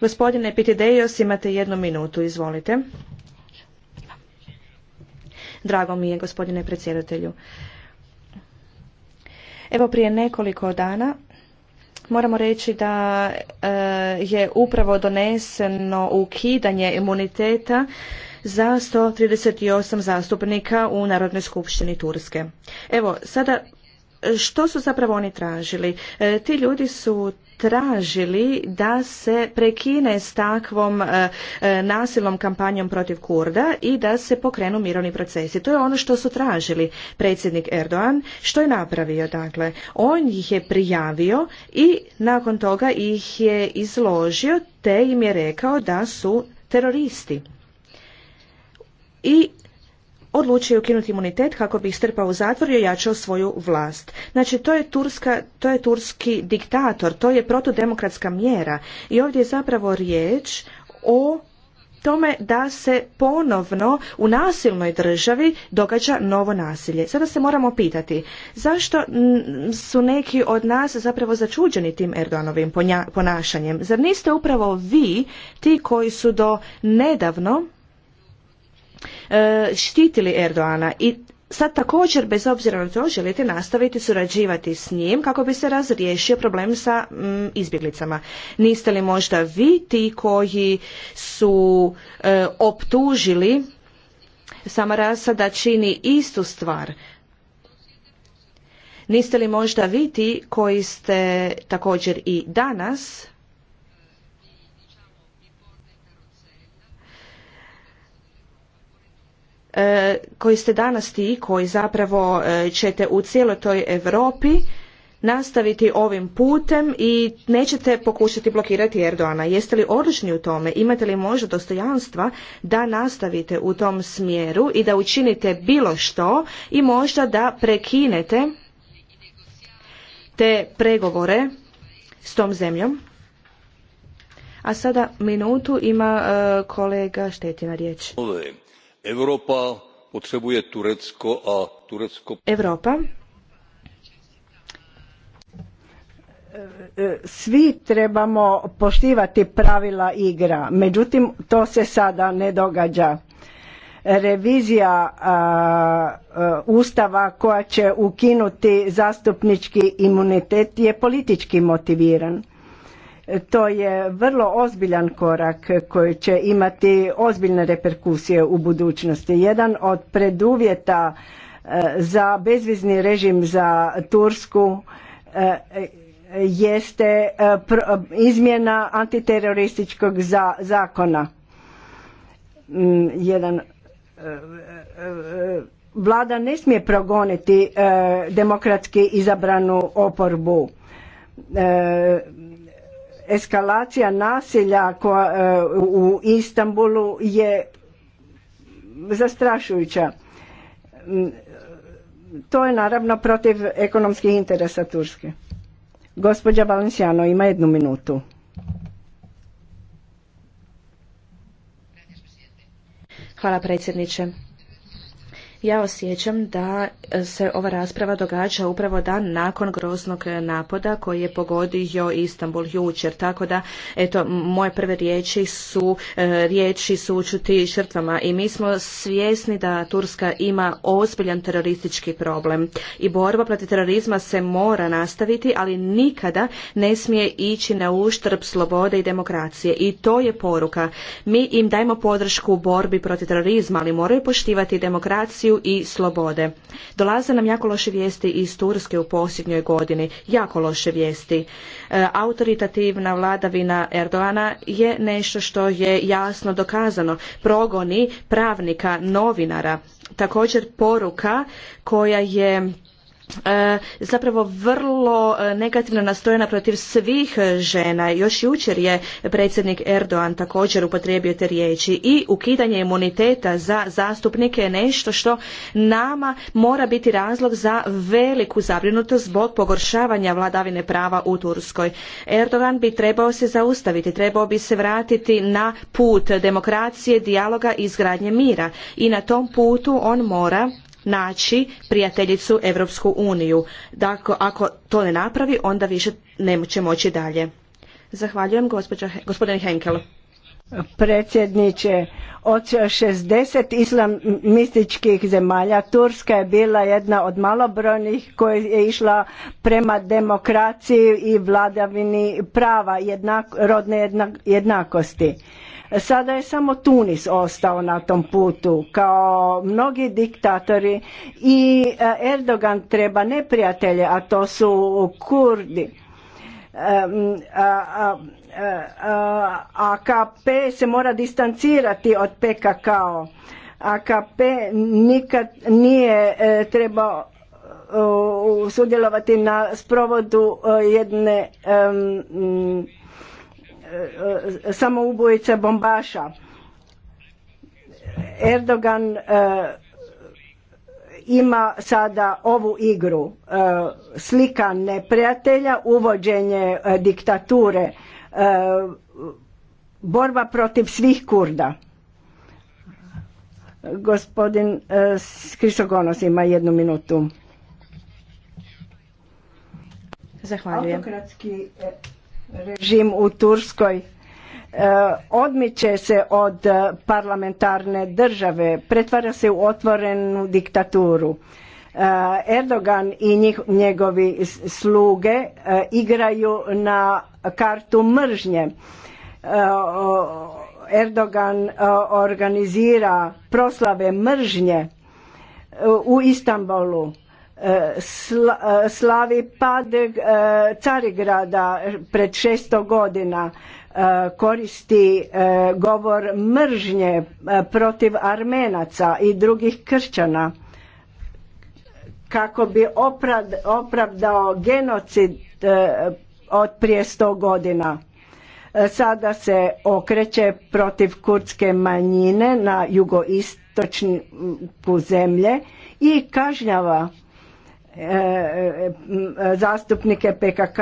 S3: Gospodine Pitidejos, imate jednu minutu, izvolite. Drago mi je, gospodine predsjedatelju. Evo prije nekoliko dana Moramo reći da e, je upravo doneseno ukidanje imuniteta za 138 zastupnika u Narodnoj skupštini Turske. Evo, sada što su zapravo oni tražili? E, ti ljudi su tražili da se prekine s takvom e, e, nasilnom kampanjom protiv Kurda i da se pokrenu mirovni procesi. To je ono što su tražili predsjednik Erdogan. Što je napravio? Dakle, on ih je prijavio i nakon toga ih je izložio te im je rekao da su teroristi. I odlučio ukinuti imunitet kako bi ih strpao u zatvor i ojačao svoju vlast. Znači to je, Turska, to je turski diktator, to je protudemokratska mjera i ovdje je zapravo riječ o tome da se ponovno u nasilnoj državi događa novo nasilje. Sada se moramo pitati zašto su neki od nas zapravo začuđeni tim Erdoganovim ponašanjem. Zar niste upravo vi ti koji su do nedavno E, štitili Erdoana i Sad također, bez obzira na to, želite nastaviti surađivati s njim kako bi se razriješio problem sa mm, izbjeglicama. Niste li možda vi ti koji su e, optužili Samarasa da čini istu stvar? Niste li možda vi ti koji ste također i danas E, koji ste danas ti koji zapravo e, ćete u cijeloj toj Europi nastaviti ovim putem i nećete pokušati blokirati Erdoana. Jeste li odlični u tome? Imate li možda dostojanstva da nastavite u tom smjeru i da učinite bilo što i možda da prekinete te pregovore s tom zemljom? A sada minutu ima e, kolega Štetina riječ.
S4: Europa
S2: potrebuje Turecko a Turecko...
S4: E, svi trebamo poštivati pravila igre međutim to se sada ne događa. Revizija ustava koja će ukinuti zastupnički imunitet je politički motiviran. To je vrlo ozbiljan korak koji će imati ozbiljne reperkusije u budućnosti. Jedan od preduvjeta e, za bezvizni režim za Tursku e, jeste e, izmjena antiterorističkog zakona. Mm, jedan vlada ne smije progoniti demokratski izabranu oporbu. Eskalacija nasilja e, u Istanbulu je zastrašujuća. Mm, to je naravno protiv ekonomskih interesa Turske. Gospođa Valencijano ima jednu minutu.
S3: Hvala predsjedniče. Ja osjećam da se ova rasprava događa upravo dan nakon groznog napada koji je pogodio Istanbul jučer, tako da eto moje prve riječi su e, riječi sučuti žrtvama i mi smo svjesni da Turska ima ozbiljan teroristički problem i borba protiv terorizma se mora nastaviti, ali nikada ne smije ići na uštrb slobode i demokracije i to je poruka. Mi im dajemo podršku u borbi protiv terorizma, ali moraju poštivati demokraciju i slobode. Dolaze nam jako loše vijesti iz Turske u posljednjoj godini, jako loše vijesti. E, autoritativna vladavina Erdoana je nešto što je jasno dokazano. Progoni pravnika, novinara, također poruka koja je E, zapravo vrlo e, negativno nastojena protiv svih žena. Još jučer je predsjednik Erdogan također upotrijebio te riječi i ukidanje imuniteta za zastupnike je nešto što nama mora biti razlog za veliku zabrinutost zbog pogoršavanja vladavine prava u Turskoj. Erdogan bi trebao se zaustaviti, trebao bi se vratiti na put demokracije, dijaloga i izgradnje mira i na tom putu on mora naći prijateljicu Europsku uniju. Dakle, ako to ne napravi, onda više neće moći dalje. Zahvaljujem gospodin Henkel.
S4: Predsjedniče, od 60 islamističkih zemalja Turska je bila jedna od malobrojnih koja je išla prema demokraciji i vladavini prava rodne jednakosti Sada je samo Tunis ostao na tom putu kao mnogi diktatori i eh, Erdogan treba neprijatelje, a to su Kurdi. AKP e, se mora distancirati od pkk AKP nikad nije e, trebao e, sudjelovati na sprovodu jedne E, e, samoubojice bombaša. Erdogan e, ima sada ovu igru slika neprijatelja, uvođenje diktature, borba protiv svih kurda. Gospodin Krišogonos ima jednu minutu. Zahvaljujem režim u Turskoj e, odmiče se od parlamentarne države, pretvara se u otvorenu diktaturu. E, Erdogan i njegovi sluge e, igraju na kartu mržnje. Erdogan organizira proslave mržnje u Istanbulu E, e, slavi pad e, Carigrada pred 600 godina koristi govor mržnje protiv Armenaca i drugih kršćana kako bi opravdao genocid od prije sto godina. Sada se okreće protiv kurdske manjine na jugoistočku zemlje i kažnjava zastupnike PKK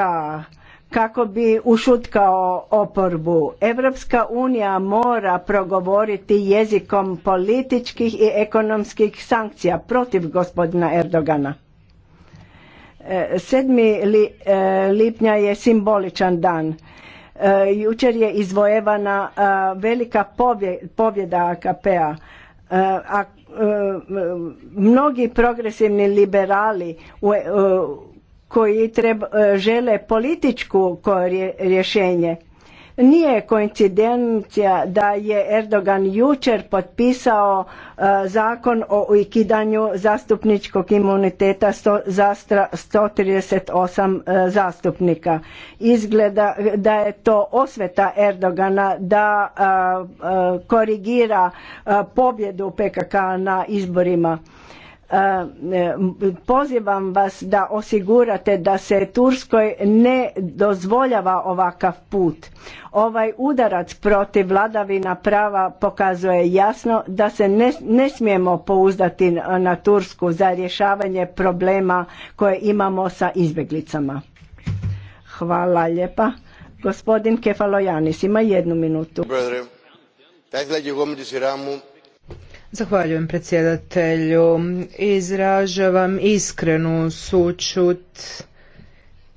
S4: kako bi ušutkao oporbu. Evropska unija mora progovoriti jezikom političkih i ekonomskih sankcija protiv gospodina Erdogana. 7. E, e, lipnja je simboličan dan. E, jučer je izvojevana velika pobjeda AKP-a E, a e, mnogi progresivni liberali e, koji žele političko rješenje nije koincidencija da je Erdogan jučer potpisao e, zakon o ukidanju zastupničkog imuniteta za 138 e, zastupnika. Izgleda da je to osveta Erdogana da e, korigira pobjedu PKK na izborima E, pozivam vas da osigurate da se Turskoj ne dozvoljava ovakav put. Ovaj udarac protiv vladavina prava pokazuje jasno da se ne, smijemo pouzdati na Tursku za rješavanje problema koje imamo sa izbjeglicama. Hvala lijepa. Gospodin Kefalojanis ima jednu minutu. Brother, Zahvaljujem predsjedatelju.
S5: Izražavam iskrenu sućut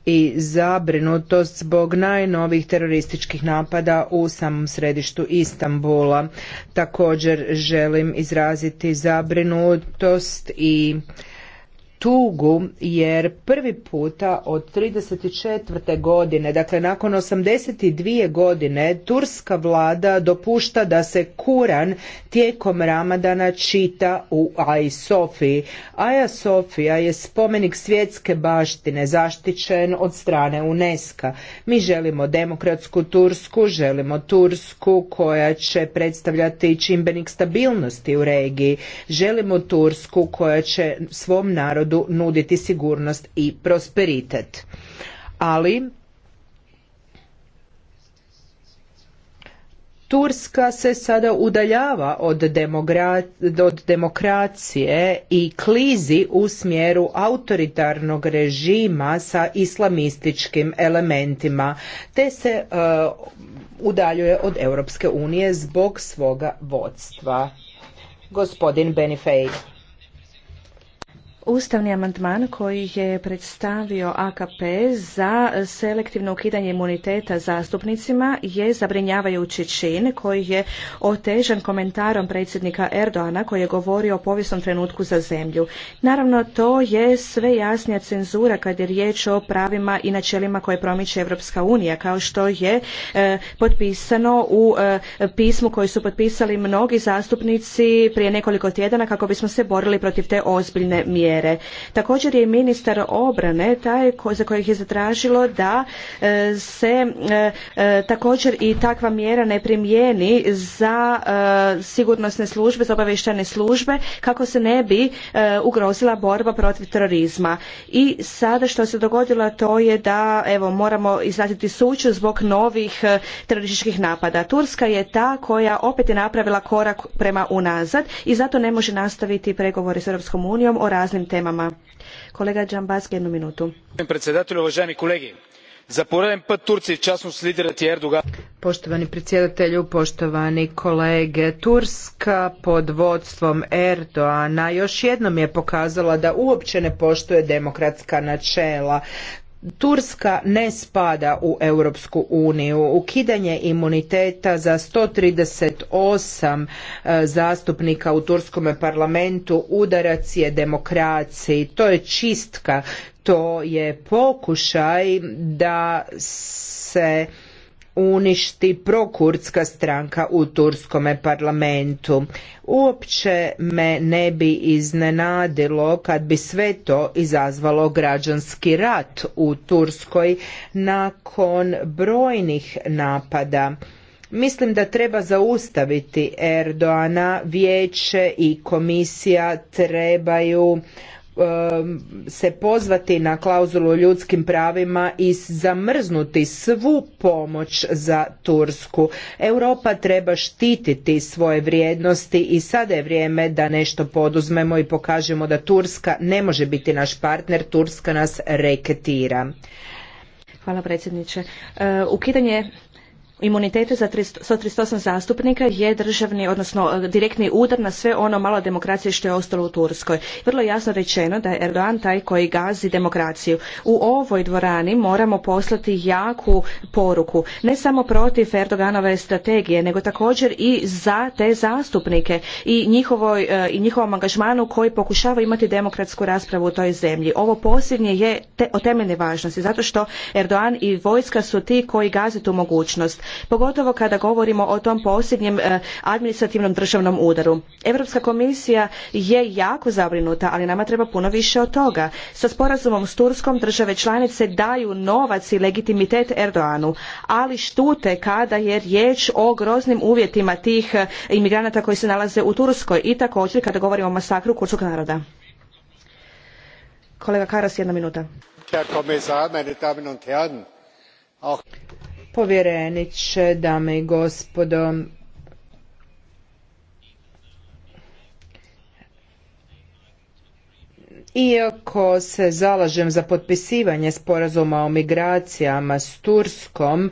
S5: i zabrinutost zbog najnovih terorističkih napada u samom središtu Istambula. Također želim izraziti zabrinutost i tugu jer prvi puta od 34. godine, dakle nakon 82 godine, turska vlada dopušta da se Kuran tijekom Ramadana čita u Aj Sofiji. Aja Sofija je spomenik svjetske baštine zaštićen od strane UNESCO. Mi želimo demokratsku Tursku, želimo Tursku koja će predstavljati čimbenik stabilnosti u regiji. Želimo Tursku koja će svom narodu narodu nuditi sigurnost i prosperitet. Ali Turska se sada udaljava od, demokracije i klizi u smjeru autoritarnog režima sa islamističkim elementima, te se e, udaljuje od Europske unije zbog svoga vodstva. Gospodin Benifej.
S3: Ustavni amandman koji je predstavio AKP za selektivno ukidanje imuniteta zastupnicima je zabrinjavajući čin koji je otežan komentarom predsjednika Erdoana koji je govorio o povijesnom trenutku za zemlju. Naravno, to je sve jasnija cenzura kad je riječ o pravima i načelima koje promiče Europska unija, kao što je e, potpisano u e, pismu koji su potpisali mnogi zastupnici prije nekoliko tjedana kako bismo se borili protiv te ozbiljne mjere mjere. Također je ministar obrane taj za kojeg je zatražilo da e, se e, e, također i takva mjera ne primijeni za sigurnosne službe, za obavještajne službe kako se ne bi ugrozila borba protiv terorizma. I sada što se dogodilo to je da evo moramo izraziti suću zbog novih terorističkih napada. Turska je ta koja opet je napravila korak prema unazad i zato ne može nastaviti pregovore s Europskom unijom o raznim temama. Kolega Đambaski, jednu minutu.
S2: Predsjedatelju, uvaženi kolegi, za poredan put Turci, i s lidera Erdogan.
S3: Poštovani predsjedatelju,
S5: poštovani kolege, Turska pod vodstvom Erdoana još jednom je pokazala da uopće ne poštuje demokratska načela Turska ne spada u Europsku uniju. Ukidanje imuniteta za 138 e, zastupnika u turskom parlamentu udarac je demokraciji. To je čistka, to je pokušaj da se uništi prokurdska stranka u Turskom parlamentu. Uopće me ne bi iznenadilo kad bi sve to izazvalo građanski rat u Turskoj nakon brojnih napada. Mislim da treba zaustaviti Erdoana, vijeće i komisija trebaju Um, se pozvati na klauzulu o ljudskim pravima i zamrznuti svu pomoć za Tursku. Europa treba štititi svoje vrijednosti i sada je vrijeme da nešto poduzmemo i pokažemo da Turska ne može biti naš partner, Turska nas reketira.
S3: Hvala predsjedniče. E, imunitete za 138 zastupnika je državni, odnosno e, direktni udar na sve ono malo demokracije što je ostalo u Turskoj. Vrlo jasno rečeno da je Erdogan taj koji gazi demokraciju. U ovoj dvorani moramo poslati jaku poruku, ne samo protiv Erdoganove strategije, nego također i za te zastupnike i, njihovoj, e, i njihovom angažmanu koji pokušava imati demokratsku raspravu u toj zemlji. Ovo posljednje je te, o temeljne važnosti, zato što Erdogan i vojska su ti koji gaze tu mogućnost pogotovo kada govorimo o tom posljednjem e, administrativnom državnom udaru. Europska komisija je jako zabrinuta, ali nama treba puno više od toga. Sa sporazumom s Turskom države članice daju novac i legitimitet Erdoanu, ali štute kada je riječ o groznim uvjetima tih e, imigranata koji se nalaze u Turskoj i također kada govorimo o masakru kurskog naroda. Kolega Karas, jedna minuta
S5: povjereniče, dame i gospodo. Iako se zalažem za potpisivanje sporazuma o migracijama s Turskom,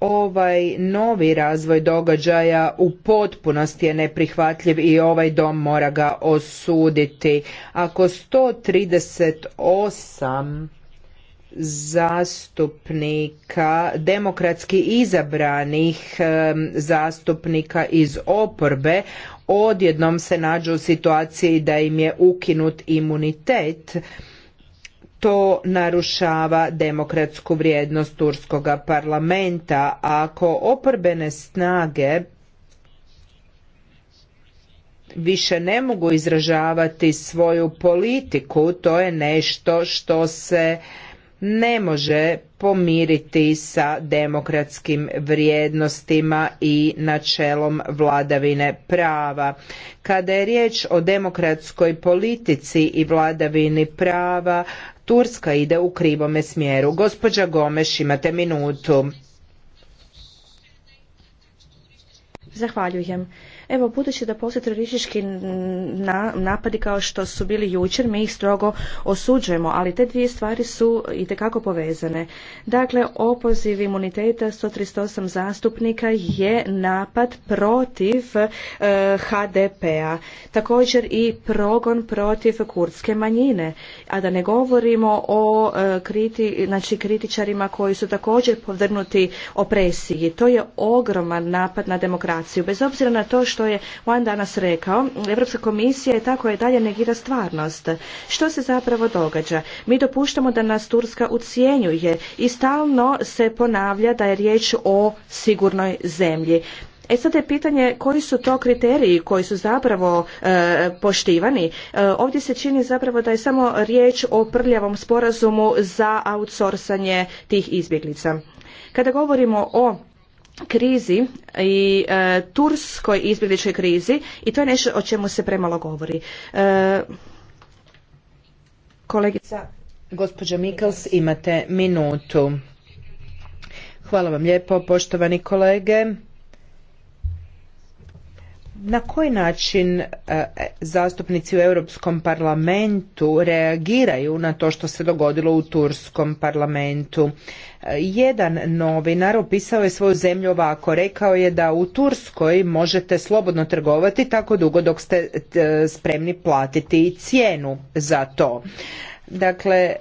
S5: ovaj novi razvoj događaja u potpunosti je neprihvatljiv i ovaj dom mora ga osuditi. Ako 138 zastupnika, demokratski izabranih zastupnika iz oporbe odjednom se nađu u situaciji da im je ukinut imunitet to narušava demokratsku vrijednost turskog parlamenta ako oporbene snage više ne mogu izražavati svoju politiku to je nešto što se ne može pomiriti sa demokratskim vrijednostima i načelom vladavine prava. Kada je riječ o demokratskoj politici i vladavini prava, Turska ide u krivome smjeru. Gospođa Gomeš, imate minutu.
S3: Zahvaljujem. Evo, budući da postoje teroristički napadi kao što su bili jučer, mi ih strogo osuđujemo, ali te dvije stvari su itekako povezane. Dakle, opoziv imuniteta 138 zastupnika je napad protiv HDP-a. Eh, također i progon protiv kurdske manjine. A da ne govorimo o eh, kriti, znači, kritičarima koji su također povrnuti opresiji. To je ogroman napad na demokraciju. Bez obzira na to što što je Juan danas rekao, Europska komisija je tako i dalje negira stvarnost. Što se zapravo događa? Mi dopuštamo da nas Turska ucijenjuje i stalno se ponavlja da je riječ o sigurnoj zemlji. E sad je pitanje koji su to kriteriji koji su zapravo e, poštivani. E, ovdje se čini zapravo da je samo riječ o prljavom sporazumu za outsourcanje tih izbjeglica. Kada govorimo o krizi i e, turskoj izbjegličkoj krizi i to je nešto o čemu se premalo govori. E, kolegica gospođa Mikels imate minutu.
S5: Hvala vam lijepo poštovani kolege na koji način e, zastupnici u Europskom parlamentu reagiraju na to što se dogodilo u Turskom parlamentu? E, jedan novinar opisao je svoju zemlju ovako, rekao je da u Turskoj možete slobodno trgovati tako dugo dok ste e, spremni platiti cijenu za to. Dakle,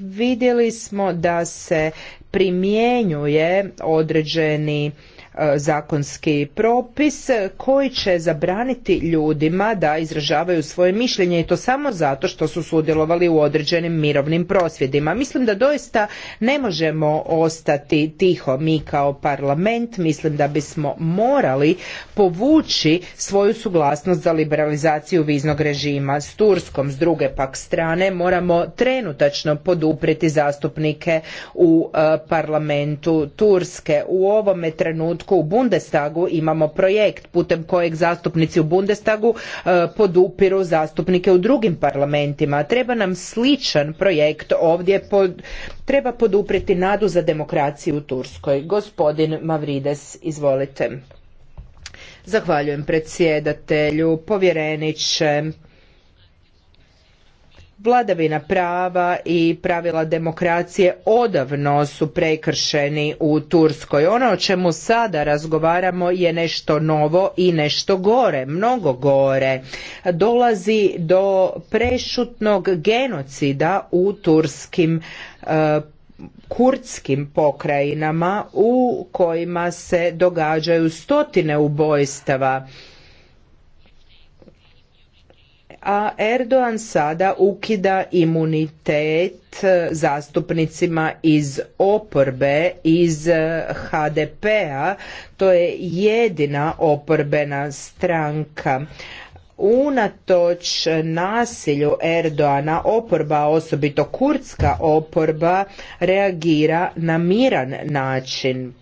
S5: vidjeli smo da se primjenjuje određeni E, zakonski propis koji će zabraniti ljudima da izražavaju svoje mišljenje i to samo zato što su sudjelovali u određenim mirovnim prosvjedima. Mislim da doista ne možemo ostati tiho mi kao parlament, mislim da bismo morali povući svoju suglasnost za liberalizaciju viznog režima s Turskom, s druge pak strane moramo trenutačno poduprijeti zastupnike u e, parlamentu Turske. U ovome trenutku trenutku u Bundestagu imamo projekt putem kojeg zastupnici u Bundestagu e, podupiru zastupnike u drugim parlamentima. Treba nam sličan projekt ovdje treba poduprijeti nadu za demokraciju u Turskoj. Gospodin Mavrides, izvolite. Zahvaljujem predsjedatelju, povjereniče. Vladavina prava i pravila demokracije odavno su prekršeni u Turskoj. Ono o čemu sada razgovaramo je nešto novo i nešto gore, mnogo gore. Dolazi do prešutnog genocida u turskim e, kurdskim pokrajinama u kojima se događaju stotine ubojstava a Erdogan sada ukida imunitet eh, zastupnicima iz oporbe, iz HDP-a, eh, to je jedina oporbena stranka. Unatoč nasilju Erdoana oporba, osobito kurdska oporba, reagira na miran način.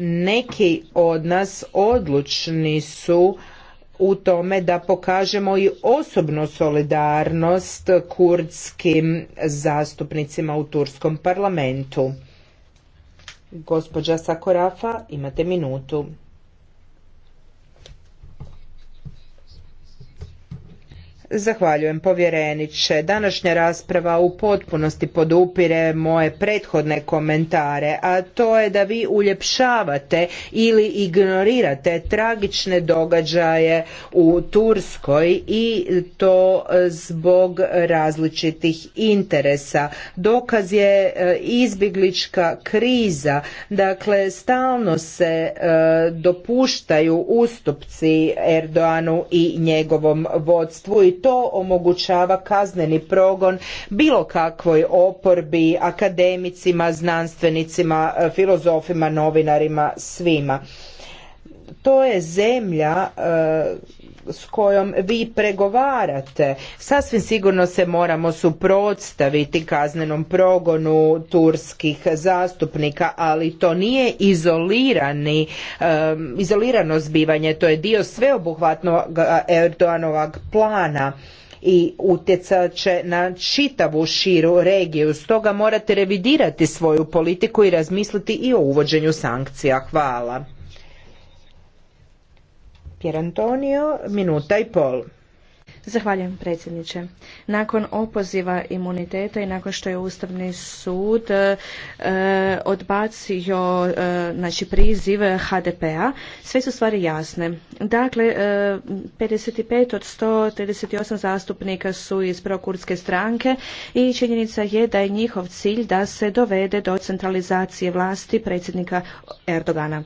S5: Neki od nas odlučni su u tome da pokažemo i osobnu solidarnost kurdskim zastupnicima u turskom parlamentu. Gospođa Sakorafa, imate minutu. Zahvaljujem povjereniče. Današnja rasprava u potpunosti podupire moje prethodne komentare, a to je da vi uljepšavate ili ignorirate tragične događaje u Turskoj i to zbog različitih interesa. Dokaz je e, izbjeglička kriza, dakle stalno se e, dopuštaju ustupci Erdoanu i njegovom vodstvu i to omogućava kazneni progon bilo kakvoj oporbi, akademicima, znanstvenicima, e, filozofima, novinarima, svima. To je zemlja e, s kojom vi pregovarate. Sasvim sigurno se moramo suprotstaviti kaznenom progonu turskih zastupnika, ali to nije izolirani, izolirano zbivanje, to je dio sveobuhvatnog Erdoganovog plana i utjecat će na čitavu širu regiju. Stoga morate revidirati svoju politiku i razmisliti i o uvođenju sankcija. Hvala. Pierantonio, Antonio, minuta i pol.
S3: Zahvaljujem predsjedniče. Nakon opoziva imuniteta i nakon što je Ustavni sud e, odbacio e, znači, priziv HDP-a, sve su stvari jasne. Dakle, 55 e, od 138 zastupnika su iz prokurske stranke i činjenica je da je njihov cilj da se dovede do centralizacije vlasti predsjednika Erdogana.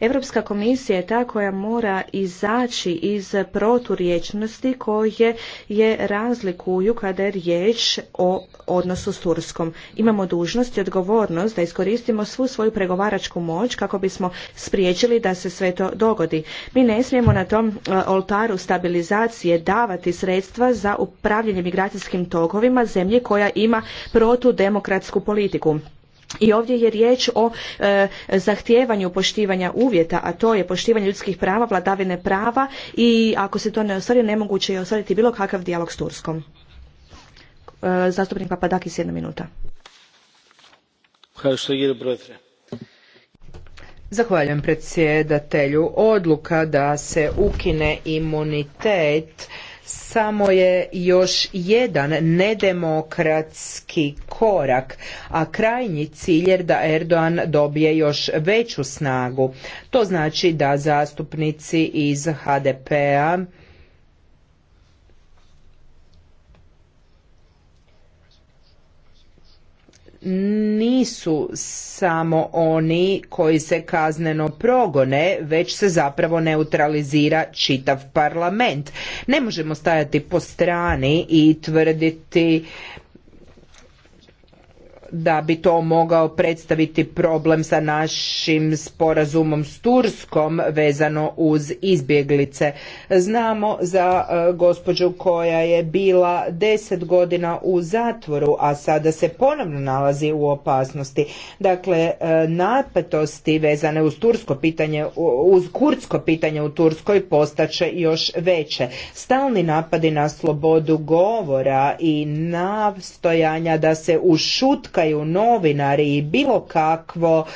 S3: Europska komisija je ta koja mora izaći iz proturječnosti koje je razlikuju kada je riječ o odnosu s Turskom. Imamo dužnost i odgovornost da iskoristimo svu svoju pregovaračku moć kako bismo spriječili da se sve to dogodi. Mi ne smijemo na tom e, oltaru stabilizacije davati sredstva za upravljanje migracijskim tokovima zemlje koja ima protudemokratsku politiku i ovdje je riječ o e, zahtijevanju poštivanja uvjeta, a to je poštivanje ljudskih prava, vladavine prava i ako se to ne ostvari, nemoguće je ostvariti bilo kakav dijalog s Turskom. E, zastupnik Papadakis, jedna minuta.
S5: Zahvaljujem predsjedatelju. Odluka da se ukine imunitet samo je još jedan nedemokratski korak, a krajnji cilj je da Erdogan dobije još veću snagu. To znači da zastupnici iz HDP-a nisu samo oni koji se kazneno progone, već se zapravo neutralizira čitav parlament. Ne možemo stajati po strani i tvrditi da bi to mogao predstaviti problem sa našim sporazumom s Turskom vezano uz izbjeglice. Znamo za e, gospođu koja je bila deset godina u zatvoru, a sada se ponovno nalazi u opasnosti. Dakle, e, napetosti vezane uz tursko pitanje, uz kurdsko pitanje u Turskoj postaće još veće. Stalni napadi na slobodu govora i nastojanja da se ušutka huškaju novinari i bilo kakvo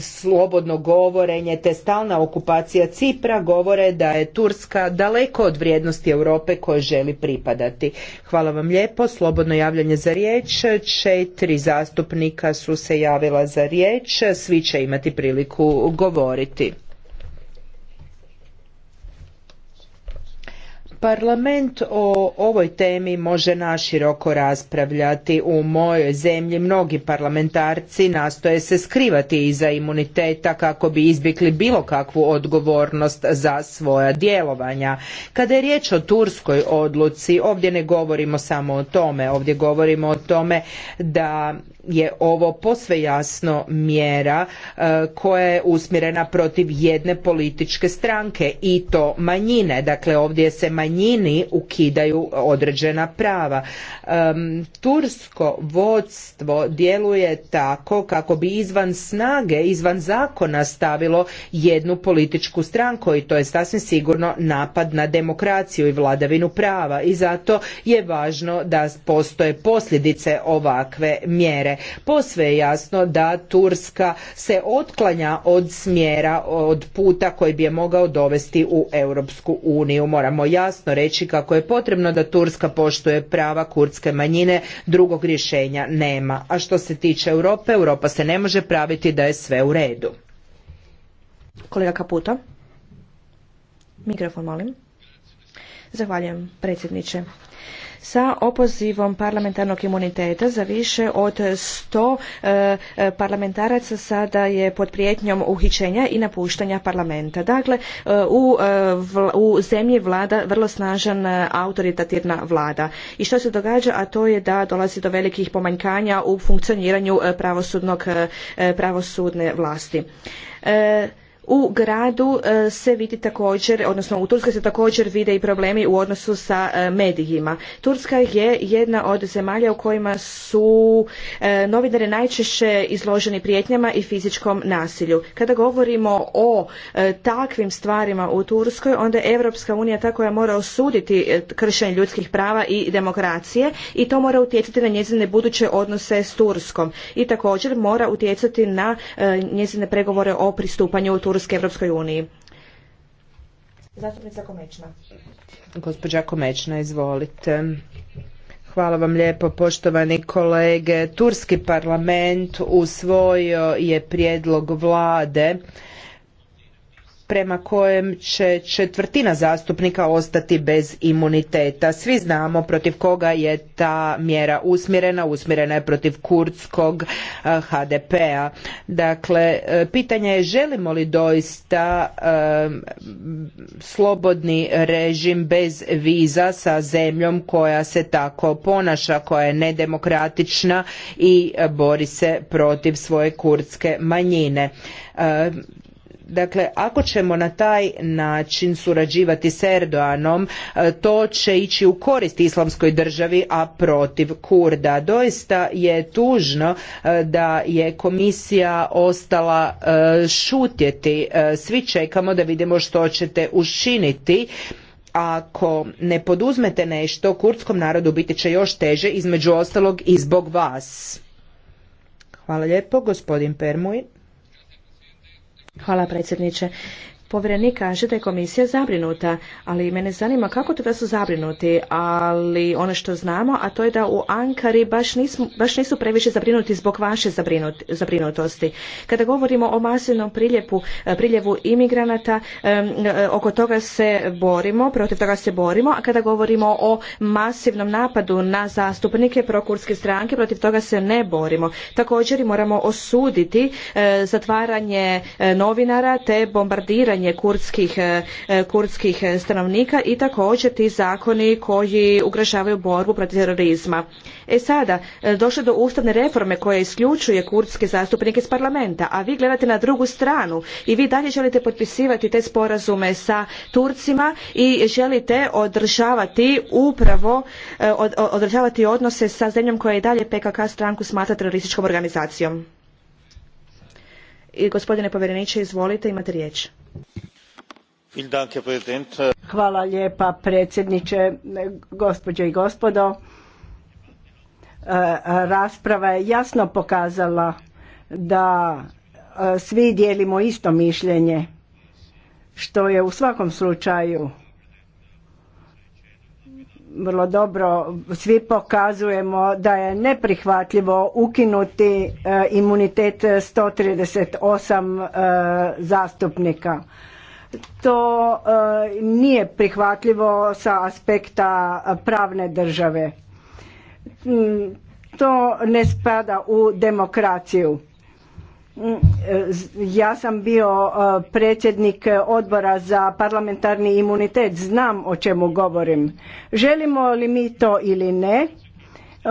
S5: slobodno govorenje te stalna okupacija Cipra govore da je Turska daleko od vrijednosti Europe koje želi pripadati. Hvala vam lijepo. Slobodno javljanje za riječ. Četiri zastupnika su se javila za riječ. Svi će imati priliku govoriti. Parlament o ovoj temi može naširoko raspravljati. U mojoj zemlji mnogi parlamentarci nastoje se skrivati iza imuniteta kako bi izbjegli bilo kakvu odgovornost za svoja djelovanja. Kada je riječ o turskoj odluci, ovdje ne govorimo samo o tome, ovdje govorimo o tome da je ovo posve jasno mjera e, koja je usmjerena protiv jedne političke stranke i to manjine. Dakle, ovdje se manjine manjini ukidaju određena prava. tursko vodstvo djeluje tako kako bi izvan snage, izvan zakona stavilo jednu političku stranku i to je sasvim sigurno napad na demokraciju i vladavinu prava i zato je važno da postoje posljedice ovakve mjere. Posve je jasno da Turska se otklanja od smjera, od puta koji bi je mogao dovesti u Europsku uniju. Moramo jasno jasno reći kako je potrebno da Turska poštuje prava kurdske manjine, drugog rješenja nema. A što se tiče Europe, Europa se ne može praviti da je sve u redu.
S3: Kolega Kaputo, mikrofon molim. Zahvaljujem predsjedniče sa opozivom parlamentarnog imuniteta za više od 100 e, e, parlamentaraca sada je pod prijetnjom uhićenja i napuštanja parlamenta. Dakle, e, u, zemlji vlada vrlo snažan autoritativna vlada. I što se događa? A to je da dolazi do velikih pomanjkanja u funkcioniranju pravosudne vlasti u gradu e, se vidi također, odnosno u Turskoj se također vide i problemi u odnosu sa e, medijima. Turska je jedna od zemalja u kojima su e, novinari najčešće izloženi prijetnjama i fizičkom nasilju. Kada govorimo o takvim stvarima u Turskoj, onda je Evropska unija ta koja mora osuditi kršenje ljudskih prava i demokracije i to mora utjecati na njezine buduće odnose s Turskom i također mora utjecati na njezine pregovore o pristupanju u Turske Europskoj uniji. Zastupnica Komečna.
S5: Gospođa Komečna, izvolite. Hvala vam lijepo poštovani kolege. Turski parlament usvojio je prijedlog vlade prema kojem će četvrtina zastupnika ostati bez imuniteta. Svi znamo protiv koga je ta mjera usmjerena, usmjerena je protiv kurdskog HDP-a. Eh, dakle, eh, pitanje je želimo li doista eh, slobodni režim bez viza sa zemljom koja se tako ponaša, koja je nedemokratična i bori se protiv svoje kurdske manjine. Dakle, ako ćemo na taj način surađivati s Erdoanom, e, to će ići u korist islamskoj državi, a protiv Kurda. Doista je tužno e, da je komisija ostala e, šutjeti. Svi čekamo da vidimo što ćete učiniti ako ne poduzmete nešto, kurdskom narodu biti će još teže, između ostalog i zbog vas. Hvala lijepo, gospodin Permuj.
S3: Hvala predsjedniče povjerenik kaže da je komisija zabrinuta, ali mene zanima kako to da su zabrinuti, ali ono što znamo, a to je da u Ankari baš, baš nisu previše zabrinuti zbog vaše zabrinutosti. Kada govorimo o masivnom priljepu, e, priljevu imigranata, e, e, oko toga se borimo, protiv toga se borimo, a kada govorimo o masivnom napadu na zastupnike prokurske stranke, protiv toga se ne borimo. Također moramo osuditi zatvaranje novinara te bombardiranje pitanje kurdskih, e, e, kurdskih stanovnika i također ti zakoni koji ugrožavaju borbu protiv terorizma. E sada, e, došlo do ustavne reforme koja isključuje kurdske zastupnike iz parlamenta, a vi gledate na drugu stranu i vi dalje želite potpisivati te sporazume sa Turcima i želite održavati upravo održavati odnose sa zemljom koja i dalje PKK stranku smatra terorističkom organizacijom gospodine povjereniče, izvolite, imate riječ. Hvala lijepa
S4: predsjedniče, gospođe i gospodo. E, rasprava je jasno pokazala da e, svi dijelimo isto mišljenje, što je u svakom slučaju vrlo dobro svi pokazujemo da je neprihvatljivo ukinuti e, imunitet 138 e, zastupnika. To e, nije prihvatljivo sa aspekta pravne države. Mm, to ne spada u demokraciju Mm, e, ja sam bio e, predsjednik odbora za parlamentarni imunitet, znam o čemu govorim. Želimo li mi to ili ne,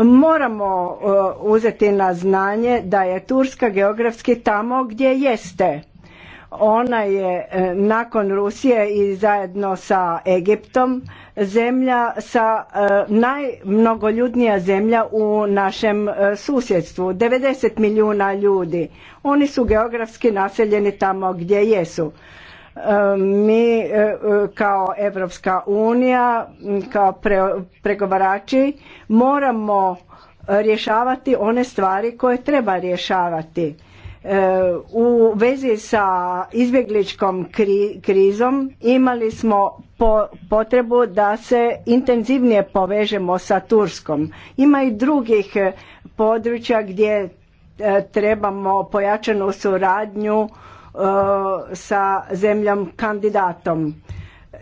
S4: moramo e, uzeti na znanje da je Turska geografski tamo gdje jeste. Ona je nakon Rusije i zajedno sa Egiptom zemlja sa e, najmnogoljudnija zemlja u našem e, susjedstvu 90 milijuna ljudi oni su geografski naseljeni tamo gdje jesu e, mi kao Evropska unija kao pregovarači moramo rješavati one stvari koje treba rješavati E, u vezi sa izbjegličkom krizom imali smo potrebu da se intenzivnije povežemo sa Turskom. Ima i drugih e, područja gdje e, trebamo pojačanu suradnju sa zemljom kandidatom.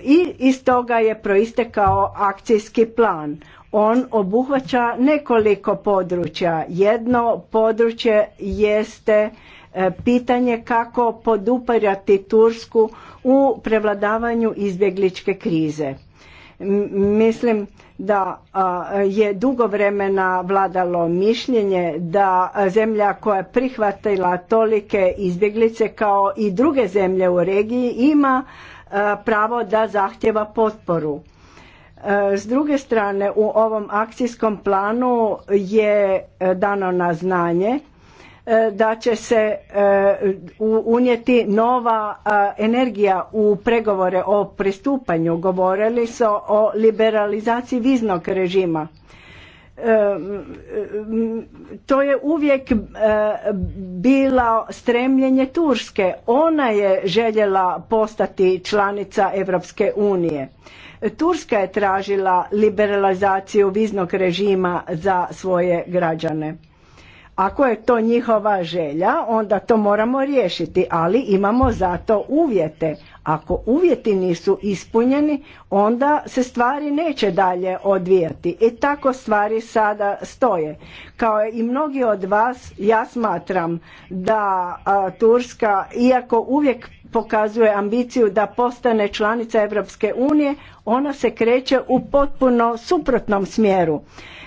S4: I iz toga je proistekao akcijski plan on obuhvaća nekoliko područja. Jedno područje jeste e, pitanje kako podupirati Tursku u prevladavanju izbjegličke krize. Mislim da je dugo vremena vladalo mišljenje da zemlja koja je prihvatila tolike izbjeglice kao i druge zemlje u regiji ima pravo da zahtjeva potporu E, s druge strane, u ovom akcijskom planu je e, dano na znanje e, da će se unijeti nova energija u pregovore o pristupanju. Govorili su o liberalizaciji viznog režima. To je uvijek bila stremljenje Turske. Ona je željela postati članica Europske unije Turska je tražila liberalizaciju viznog režima za svoje građane. Ako je to njihova želja, onda to moramo riješiti, ali imamo za to uvjete. Ako uvjeti nisu ispunjeni, onda se stvari neće dalje odvijati. I tako stvari sada stoje. Kao i mnogi od vas, ja smatram da Turska, iako uvijek pokazuje ambiciju da postane članica Europske unije, ona se kreće u potpuno suprotnom smjeru.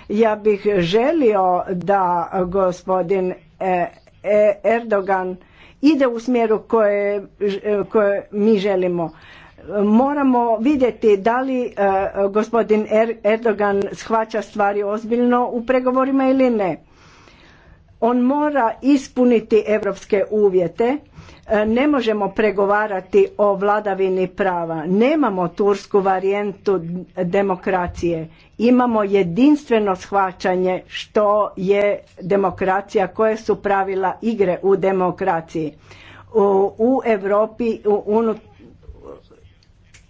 S4: Ja bih želio da gospodin e, e, Erdogan ide u smjeru koje, mi želimo. Moramo vidjeti da li e, gospodin er, Erdogan shvaća stvari ozbiljno u pregovorima ili ne. On mora ispuniti europske uvjete E, ne možemo pregovarati o vladavini prava. Nemamo tursku varijentu demokracije. Imamo jedinstveno shvaćanje što je demokracija, koje su pravila igre u demokraciji. U, u Europi u,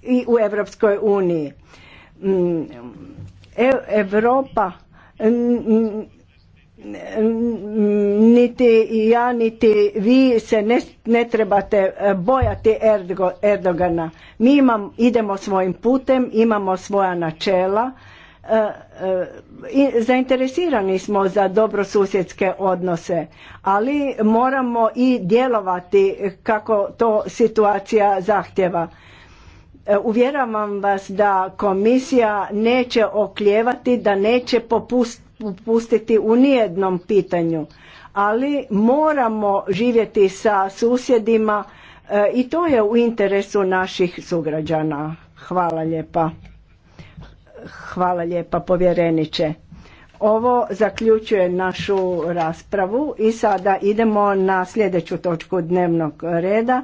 S4: i u Europskoj uniji. Mm, e, Europa mm, niti ja niti vi se ne, trebate e, bojati Erdogana. Mi idemo svojim putem, imamo svoja načela, e, e, zainteresirani smo za dobrosusjedske odnose, ali moramo i djelovati kako to situacija zahtjeva. uvjeravam vas da komisija neće okljevati, da neće popustiti upustiti u nijednom pitanju, ali moramo živjeti sa susjedima e, i to je u interesu naših sugrađana. Hvala lijepa. Hvala lijepa povjereniče. Ovo zaključuje našu raspravu i sada idemo na sljedeću točku dnevnog reda.